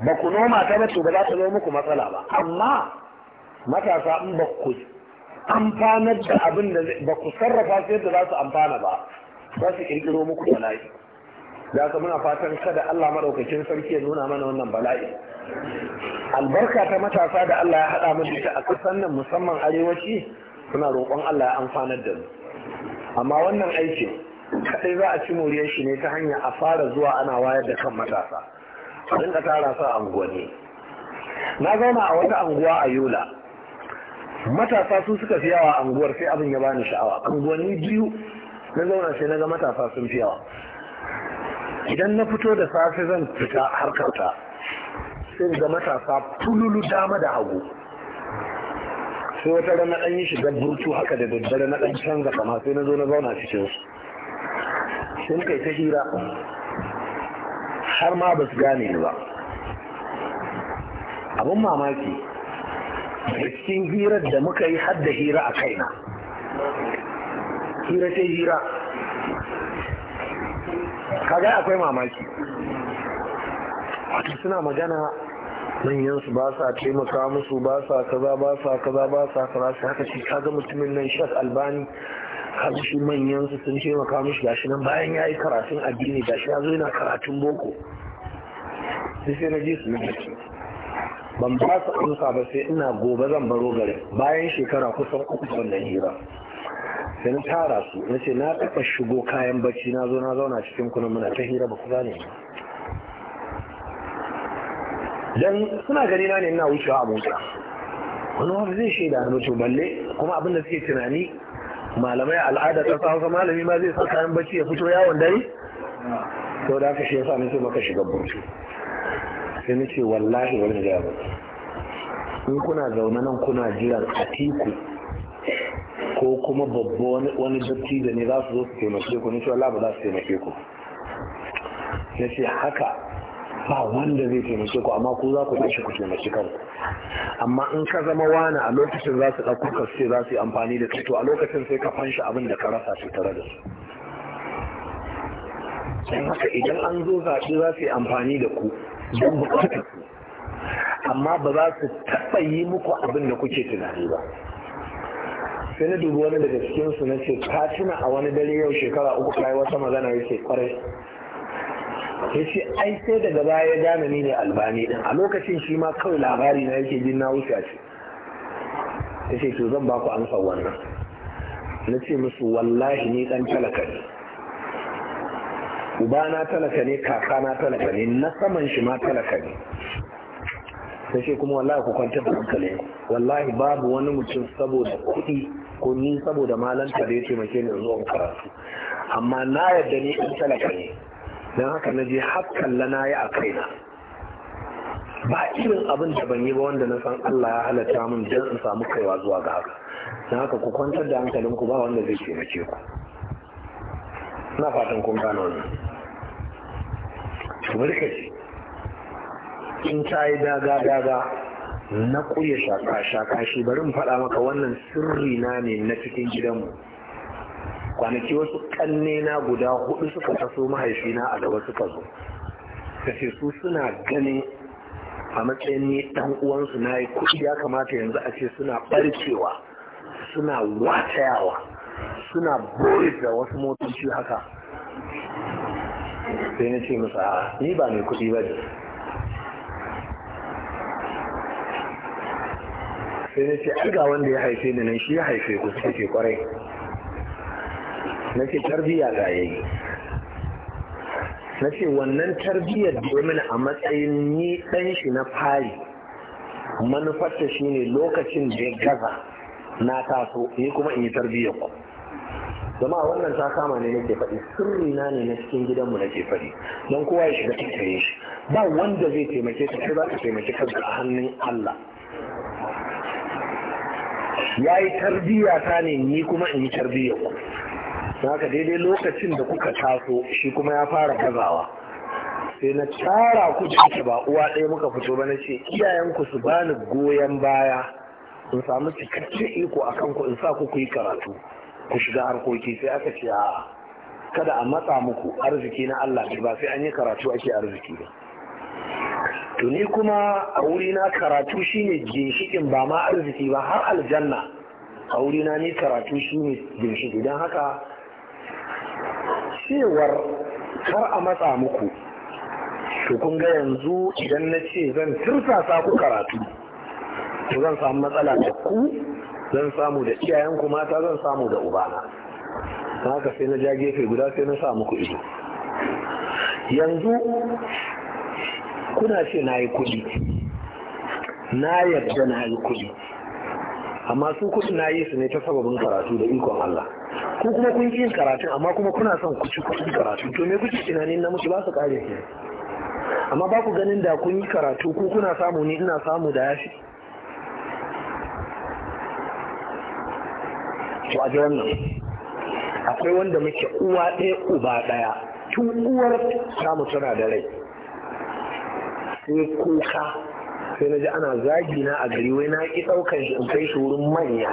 ba ku noma ta ba to ba za ta zama muku matsala ba amma matasa in ba ku amfanar da abin da ba ku sarrafa su yadda za su amfana ba za su kirkiro muku bala'i da haka muna fatan kada Allah maɗaukacin sarki ya nuna mana wannan bala'i albarka ta matasa da Allah ya haɗa mun ita a kusan nan musamman arewaci suna roƙon Allah ya amfanar da mu amma wannan aiki kadai za a ci moriyar shi ne ta hanyar a fara zuwa ana wayar da kan matasa a dinga tara sa a unguwanni na zauna a wata anguwa a yola matasa su suka fi yawa anguwar sai abin ya bani sha'awa unguwanni biyu na zauna sai na ga matasa sun fi yawa idan na fito da safe zan fita harkarta sai ga matasa fululu dama da hagu sai wata rana ɗan yi shiga burtu haka da daddare na ɗan canza kama sai na zo na zauna cikin su sun kai ta hira har ma ba su gane ni ba abin mamaki da cikin hirar da muka yi hadda hira a kaina hira sai hira kaga akwai mamaki wato suna magana manyan su ba sa taimaka musu ba sa kaza ba sa kaza ba sa kaza sai haka shi kaga mutumin nan shek albani kaga shi manyan su sun taimaka musu gashi nan bayan yayi karatun addini gashi ya zo yana karatun boko sai sai na ji su lokaci ban ba su amsa ba sai ina gobe zan baro garin bayan shekara kusan uku wannan hira sai na tara su na ce na taɓa shigo kayan bacci na zo na zauna cikin kuna muna ta hira ba ku gane ba dan suna gani na ne ina wucewa a mota wani wani zai shaida na mutu balle kuma abin da suke tunani malamai al'ada ta sa malami ma zai sa kayan bacci ya fito yawon dare Ko da aka shi yasa sai maka shiga burtu sai ce wallahi wani gaba in kuna zaune nan kuna jiran a tiku ko kuma babba wani da ne za su zo su taimake ku ni ce Allah ba za su taimake ku ya ce haka ba wanda zai taimake ku amma ku za ku tashi ku taimaki kanku amma in ka zama wani a lokacin za su ɗauko ka ce za su yi amfani da to a lokacin sai ka fanshi abin da ka rasa su tare da su don haka idan an zo zaɓe za su yi amfani da ku don bukatar ku amma ba za su taɓa yi muku abin da kuke tunani ba sai na dubi wani daga cikinsu na ce ka tuna a wani dare yau shekara uku kai wata magana ya ce kwarai ya ce ai sai daga baya ya gane ni ne albani din a lokacin shi ma kawai labari na yake jin na wuce ce ya ce to zan baku amsa wannan na ce musu wallahi ni dan talaka ne na talaka ne na talaka ne na saman shi ma talaka ne sai ce kuma wallahi ku kwantar da hankali wallahi babu wani mutum saboda kuɗi ko saboda malanta da ya taimake ni zuwa karatu amma na yadda ni in talaka ne don haka na je hakkalla na yi a kaina ba irin abin da ban yi ba wanda na san Allah ya halatta min don in samu kaiwa zuwa ga haka don haka ku kwantar da hankalin ku ba wanda zai taimake ku na fatan kun gano wannan barkaci in ta yi daga daga na kuya shaka shaka shi bari mu faɗa maka wannan sirri na ne na cikin gidanmu kwanaki wasu kanne na guda hudu suka taso mahaifina a gaba suka zo ta su suna ganin a matsayin ni dan uwansu na yi kuɗi ya kamata yanzu a ce suna barkewa suna watayawa suna boris da wasu motoci haka sai na ce musa ni ba mai kuɗi ba ne sai zai ce ai ga wanda ya haife ni nan shi ya haife ku suka ce kwarai na ce tarbiyya ga yayi na ce wannan tarbiyyar domin a matsayin ni ɗan shi na fari manufarta shi ne lokacin da ya gaza na taso ni kuma in yi tarbiyyar ku zama wannan ta kama ne nake faɗi sirri na ne na cikin gidanmu nake faɗi don kowa ya shiga tattaye shi ba wanda zai taimake ka sai za ka taimaki kanka a hannun Allah ya yi tarbiyya ta ne ni kuma in yi tarbiyya ku haka daidai lokacin da kuka taso shi kuma ya fara gazawa sai na tara ku da ba uwa ɗaya muka fito ba na ce iyayenku su bani goyon baya in samu cikakken iko a kanku in sa ku ku yi karatu ku shiga harkoki sai aka ce a'a kada a matsa muku arziki na Allah ba sai an yi karatu ake arziki ba to ni kuma a wurina karatu shine ginshikin ba ma arziki ba har aljanna a wurina ni karatu shine ginshiki don haka cewar kar a matsa muku to kun ga yanzu idan na ce zan tirsasa ku karatu to zan samu matsala da ku zan samu da iyayenku mata zan samu da ubana haka sai na ja gefe guda sai na sa muku ido yanzu kuna ce na yi kuɗi na yadda na yi kuɗi amma su kuɗi na yi su ne ta sababin karatu da ikon Allah ko kuma kun yin karatu amma kuma kuna son ku ci karatu to me kuke tunanin na mutu ba su kare ke amma ba ku ganin da kun yi karatu ko kuna samu ni ina samu da yashi to a ji wannan akwai wanda muke uwa ɗaya uba ɗaya tun uwar samu tana da rai sai kuka sai na ji ana zagi na a gari wai na ki daukan shi in kai shi wurin manya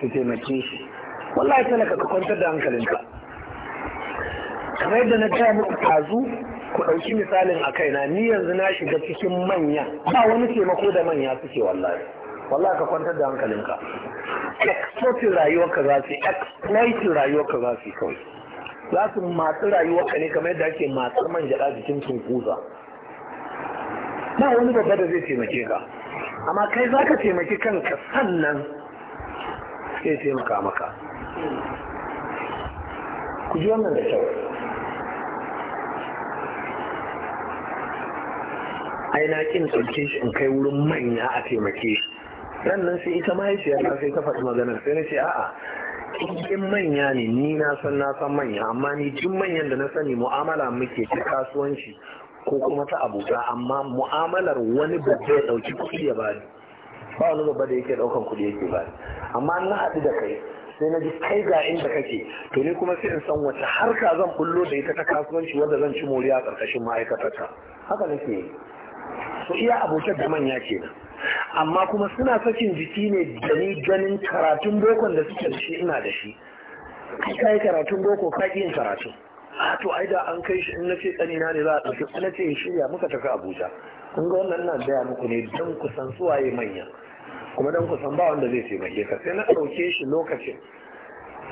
su taimake shi wallahi talaka ka kwantar da hankalinka kamar yadda na ta muku tazu ku ɗauki misalin a kaina ni yanzu na shiga cikin manya ba wani taimako da manya suke wallahi wallahi ka kwantar da hankalinka rayuwar ka za su rayuwar ka za su kawai za su matsi ka ne kamar yadda ake matsar man gyaɗa jikin tunkuza ba wani babba da zai taimake ka amma kai za ka taimaki kanka sannan sai taimaka maka ku ji wannan da kyau ai na kin ɗauke in kai wurin manya a taimake shi sannan sai ita mahaifiyar sai ta faɗi maganar sai na ce a'a in manya ne ni na san na san manya amma ni jin manyan da na sani mu'amala muke ta kasuwanci ko kuma ta abuta amma mu'amalar wani babba ya dauki kuɗi ya bani ba wani babba da yake daukan kuɗi yake bani amma na haɗu da kai sai na ji kai ga inda kake to ni kuma sai in san wace harka zan bullo da ita ta kasuwanci wanda zan ci moriya a ƙarƙashin ma'aikatarka haka nake so iya abokan da manya kenan amma kuma suna sakin jiki ne da ni ganin karatun bokon da suke da shi ina da shi kai karatun boko ka yin karatun a to ai da an kai shi in na ce na ne za a dauki ana ce shirya muka tafi abuja kun ga wannan da gaya muku ne dan ku san suwaye manya kuma don ku ba wanda zai taimake ka sai na ɗauke shi lokacin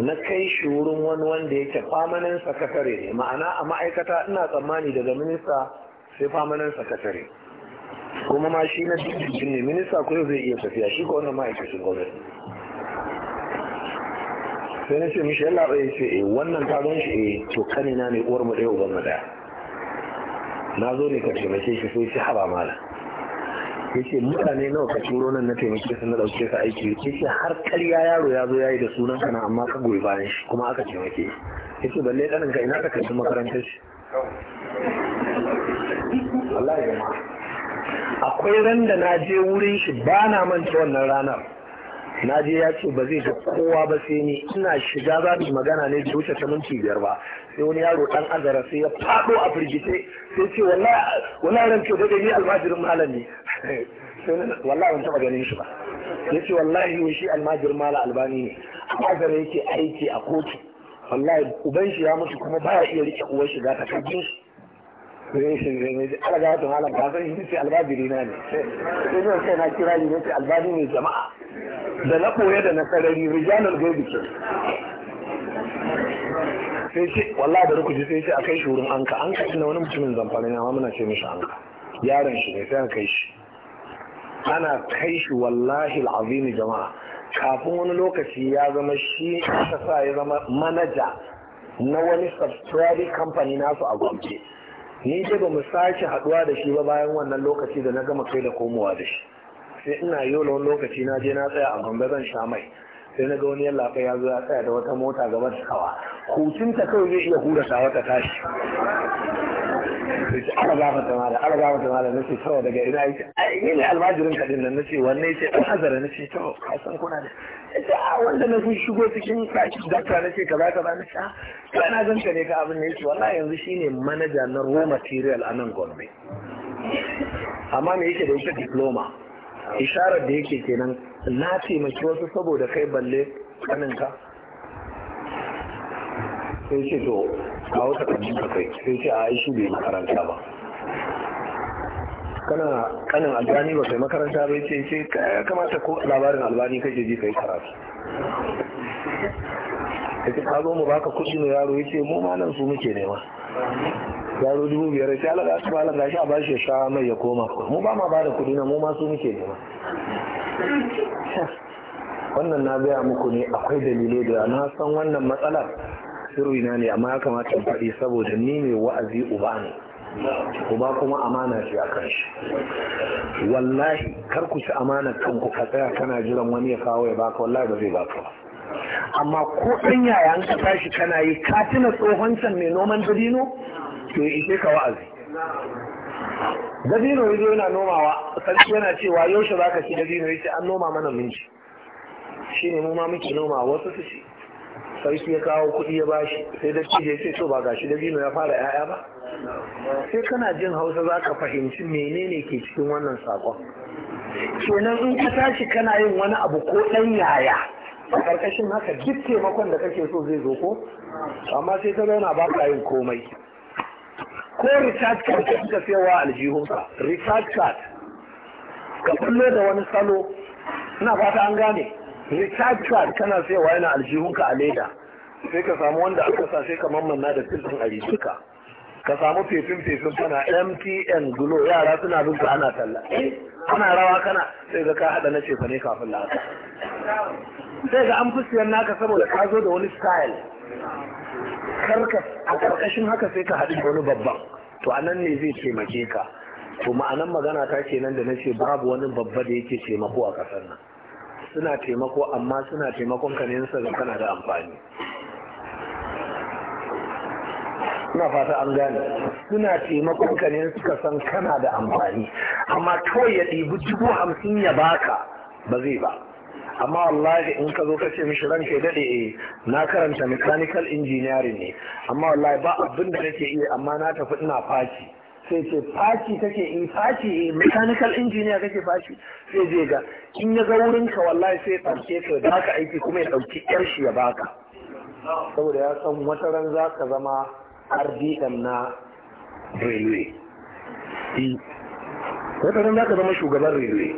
na kai shi wurin wani wanda yake famanin sakatare ne ma'ana a ma'aikata ina tsammani daga minista sai famanin sakatare kuma ma shi na dindindin ne minista ko zai iya tafiya shi ko wannan ma'aikacin gwamnati sai na ce mishi yalla bai ce eh wannan ta gan shi eh to kane na ne uwar mu ɗaya uban mu ɗaya na zo ne ka taimake shi sai shi haba mala ya ce mutane nawa ka turo nan na taimake su na ɗauke su aiki ya ce har ƙarya yaro ya zo ya yi da sunan ka na amma ka goyi bayan shi kuma aka taimake ya ce balle ɗanin ka ina ka kai makarantar shi Allah ya ma akwai ran da na je wurin shi ba na manta wannan ranar na je ya ce ba zai ga kowa ba sai ni ina shiga za mu magana ne da wuce ta minti biyar ba sai wani yaro dan azara sai ya fado a firgice sai ce wallahi wallahi ran ce daga ni almajirin malami wallahi ban taba ganin shi ba yace wallahi ne shi almajirin mala albani ne azara yake aiki a kotu wallahi uban shi ya mutu kuma baya iya rike uwar shiga ta kan shi zai shi zai ne ala ga wata malam ka san shi ce albabiri na ne sai zan sai na kira ni ce albani ne jama'a da na koya da na sarari rijalul gaibi ke sai ce wallahi da rukuji sai ce akai shurun anka an ka na wani mutumin zamfani na, amma muna ce mishi anka yaron shi ne sai an kai shi ana kai shi wallahi al'azim jama'a kafin wani lokaci ya zama shi aka sa ya zama manaja na wani subsidiary company nasu a Gombe ni dai ba mu sake haduwa da shi ba bayan wannan lokaci da na gama kai da komowa da shi sai ina yola wani lokaci na je na tsaya a gombe zan sha mai sai na ga wani yalla ya zo ya tsaya da wata mota gaban kawa hutunta kawai zai iya hura ta wata tashi sai aka gama ta mala aka gama ta mala nace to daga ina yake ni ne almajirin ka din nan nace wanne yace dan azara nace to ka san kuna da yace a ah, wanda na fi shigo cikin ɗakin dakta nace kaza kaza nace a ah, to ina zan ka ne ka abin ne yace wallahi yanzu shine manaja na raw material a nan Gombe amma me yake da yake diploma isharar da yake kenan na taimaki wasu saboda kai balle kaninka sai ce to wata takardun ka kai sai ce a shi bai makaranta ba kana kanin albani ba kai makaranta bai ce ce kamata ko labarin albani kake ji kai karatu yake ka zo mu baka kuɗi ne yaro yace mu malam su muke nema yaro dubu biyar sai Allah ya tsaba ba gashi a bashi sha mai ya koma mu ba ma bada kuɗi na mu ma su muke nema wannan na gaya muku ne akwai dalilai da na san wannan matsalar na ne amma ya kamata in faɗi saboda ni ne wa'azi uba ne uba kuma amana ce a kan shi wallahi kar ku ci amana kanku ka tsaya kana jiran wani ya kawo ya baka wallahi ba zai baka ba amma ko ɗan yaya an ka tashi kana yi ka tsohon can mai noman dabino to yi ka wa'azi dabino ya yana nomawa sarki yana cewa yaushe za ka ci dabino ya ce an noma mana minci shi ne mu ma muke noma wasu su ce. sai shi ya kawo kuɗi ya bashi sai da ya ce so ba gashi da bino ya fara yaya ba sai kana jin hausa za ka fahimci menene ke cikin wannan sakon kenan in ka tashi kana yin wani abu ko ɗan yaya a ƙarƙashin haka duk taimakon da kake so zai zo ko amma sai ka zauna ba ka yin komai ko recharge card ka suka sayawa aljihunka recharge card ka kullo da wani salo ina fata an gane recharge card kana sayawa yana aljihunka a leda sai ka samu wanda aka sa sai ka manna da filfin a rijuka ka samu fefin fefin tana mtn gulo yara suna bin ka ana talla eh, ana rawa kana sai ga ka hada na cefa ne kafin la'asa sai ga an fi naka saboda ka zo da wani style karka a karkashin haka sai ka haɗu wani babban to anan ne zai taimake ka to ma'anan magana ta kenan da na ce babu wani babba da yake taimako a ƙasar nan suna taimako amma suna taimakon ka ne su ga kana da amfani ina fata an gane suna taimakon ka ne suka san kana da amfani amma kawai ya ɗibi dubu hamsin ya baka ba zai ba amma wallahi in ka zo ka ce mishi ranka ya daɗe eh na karanta mechanical engineering ne amma wallahi ba abin da nake iya amma na tafi ina faci sai ce faci kake in faci eh, mechanical engineer kake faci sai je ga in ya ga wurin ka wallahi sai ya ɗauke ka da haka aiki kuma ya ɗauki ƴar shi ya baka saboda ya san wata ran za ka zama RDM na railway eh. wata ran za ka zama shugaban railway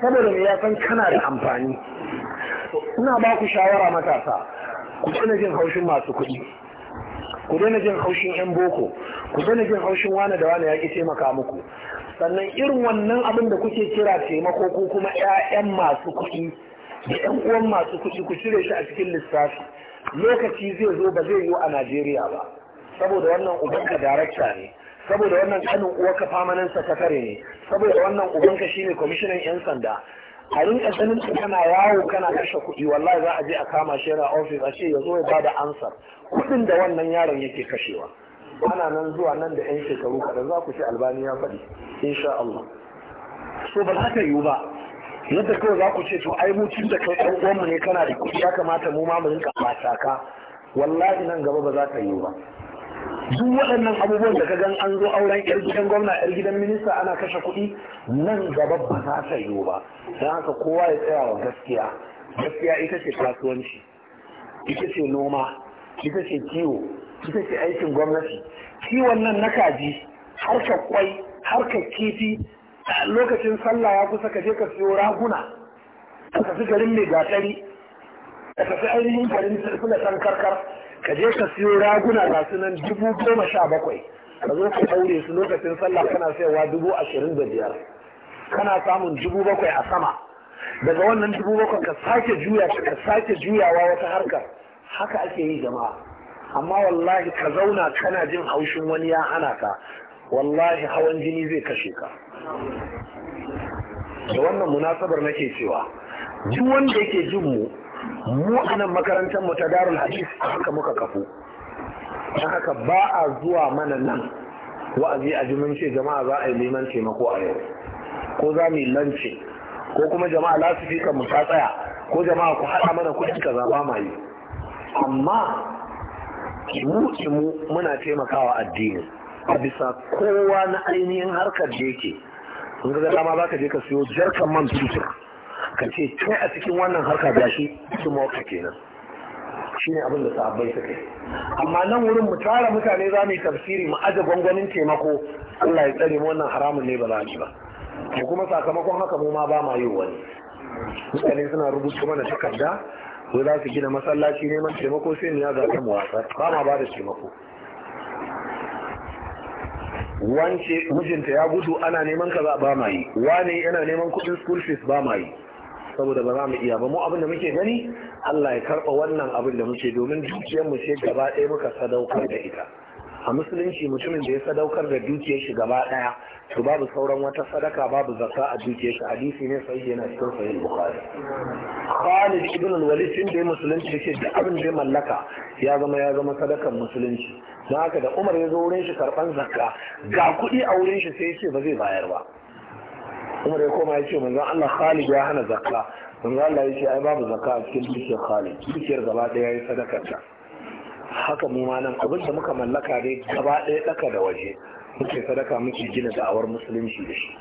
saboda me ya san kana da amfani ina ba ku shawara matasa ku daina jin haushin masu kuɗi ku daina jin haushin 'yan boko ku na jin haushin wani da wani ya ƙi taimaka muku sannan irin wannan abin da kuke kira taimako ko kuma 'ya'yan masu kuɗi da 'yan uwan masu kuɗi ku cire shi a cikin lissafi lokaci zai zo ba zai yiwu a Najeriya ba saboda wannan ubanka darakta ne saboda wannan kanin uwarka famanan sakatare ne saboda wannan ubanka shine kwamishinan 'yan sanda a rinka sanin su kana yawo kana kashe kuɗi wallahi za a je a kama shi yana ofis a ce ya zo ya bada ansar kuɗin da wannan yaron yake kashewa ana nan zuwa nan da 'yan shekaru kaɗan za ku ci albani ya faɗi insha Allah so ba za ta yiwu ba yadda kawai za ku ce to ai mu da kai ɗan uwanmu ne kana da kuɗi ya kamata mu ma mu rinka mata ka wallahi nan gaba ba za ta yiwu ba duk waɗannan abubuwan da ka gan an zo auren yar gidan gwamna yar gidan minista ana kashe kuɗi nan gaba ba za ta yiwu ba don haka kowa ya tsaya wa gaskiya gaskiya ita ce kasuwanci ita ce noma ita ce kiwo ita ce aikin gwamnati kiwon nan na kaji ka kwai ka kifi lokacin sallah ya kusa ka je ka siyo raguna ka tafi garin mai gatari ka tafi ainihin garin san karkar ka je ka siyo raguna ga su nan dubu goma sha bakwai ka zo ka daure su lokacin sallah kana sayarwa dubu ashirin da biyar kana samun dubu bakwai a sama daga wannan dubu bakwai ka sake juya ka sake juyawa wata harkar haka ake yi jama'a amma wallahi ka zauna kana jin haushin wani ya hana ka wallahi hawan jini zai kashe ka da wannan munasabar nake cewa duk wanda yake jin mu mu anan makarantar mu ta darul hadis haka muka kafu Dan haka ba a zuwa mana nan wa'azi a jimin ce jama'a za a yi neman taimako a yau ko za mu lance ko kuma jama'a lasifika mu ta tsaya ko jama'a ku haɗa mana kuɗi ka zaɓa ma amma mu mu muna taimakawa addini a bisa kowa na ainihin harkar da yake in ga dama ba ka je ka siyo jarkan man fetur ka ce kai a cikin wannan harka da shi su mawaka kenan shi ne abin da sahabbai suka yi amma nan wurin mu tara mutane za mu yi tafsiri mu aje gwangwanin taimako Allah ya tsare mu wannan haramun ne ba za ba ko kuma sakamakon haka mu ma ba ma yi wani mutane suna rubuta mana takarda ko za su gina masallaci neman taimako sai ya zaɓi mu wasa ba ma ba da taimako wance mijinta ya gudu ana neman kaza ba ma yi wane yana neman kuɗin school fees ba ma yi saboda ba za mu iya ba mu abin da muke gani Allah ya karɓa wannan abin da muke domin dukiyar mu ce gaba ɗaya muka sadaukar da ita a musulunci mutumin da ya sadaukar da dukiyar shi gaba daya to babu sauran wata sadaka babu zakka a dukiyar shi hadisi ne sai yana cikin sahih bukhari Khalid ibn al-Walid tun da musulunci yake da abin da ya mallaka ya zama ya zama sadakan musulunci don haka da Umar ya zo wurin shi karban zakka ga kuɗi a wurin shi sai ya ce ba zai bayar ba Umar ya koma ya ce manzo Allah Khalid ya hana zakka manzo Allah ya ce ai babu zakka a cikin dukiyar Khalid dukiyar gaba daya ya sadakar ta haka mu ma nan abin da muka mallaka dai gaba ɗaya ɗaka da waje muke sadaka muke gina da'awar musulunci da shi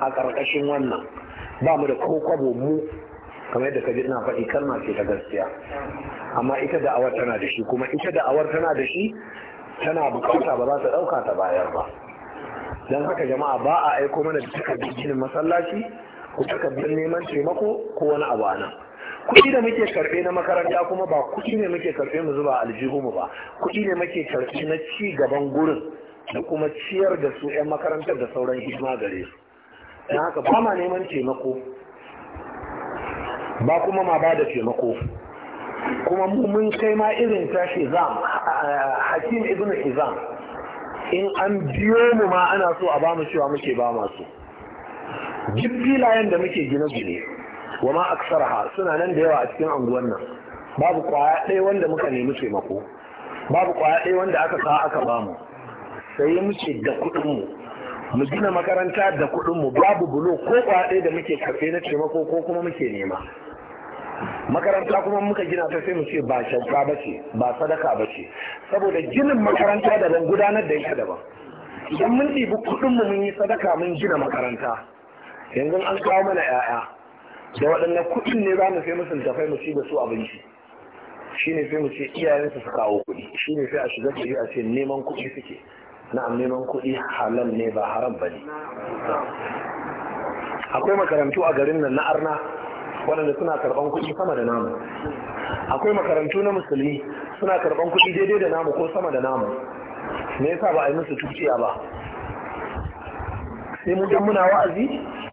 a ƙarƙashin wannan ba mu da ko kwabo mu kamar yadda ka ji ina faɗi kalma ce ta gaskiya amma ita da'awar tana da shi kuma ita da'awar tana da shi tana bukata ba za ta ɗauka ta bayar ba don haka jama'a ba a aiko mana da takardar ginin masallaci ko takardar neman taimako ko wani abu a nan kuɗi da muke karɓe na makaranta kuma ba kuɗi ne muke karɓe mu zuba mu ba kuɗi ne muke karɓe na ci gaban gurin da kuma ciyar da su 'yan makarantar da sauran hidima gare su don haka ba ma neman taimako ba kuma ma ba da taimako kuma mun kai ma irin tashi zam hakim ibn izam in an biyo mu ma ana so a ba mu cewa muke ba masu duk filayen da muke gine-gine wa ma aksarha suna nan da yawa a cikin anguwan nan babu kwaya ɗaya wanda muka nemi taimako babu kwaya ɗaya wanda aka sa aka bamu sai muke da kuɗinmu mu gina makaranta da kuɗinmu babu bulo ko kwaya ɗaya da muke karfe na taimako ko kuma muke nema makaranta kuma muka gina ta sai mu ce ba shauka ba ba sadaka ba saboda ginin makaranta daban gudanar da ita daban idan mun ɗibi mu mun yi sadaka mun gina makaranta yanzu an kawo mana 'ya'ya da waɗannan kuɗin ne za mu sai musu tafai mu ci da su abinci shi ne sai mu ce iyayensu su kawo kuɗi shi ne sai a shiga gari a ce neman kuɗi suke na'am neman kuɗi halal ne ba haram ba ne akwai makarantu a garin nan na arna waɗanda suna karɓan kuɗi sama da namu akwai makarantu na musulmi suna karɓan kuɗi daidai da namu ko sama da namu me yasa ba a yi musu tuciya ba sai mu dan muna wa'azi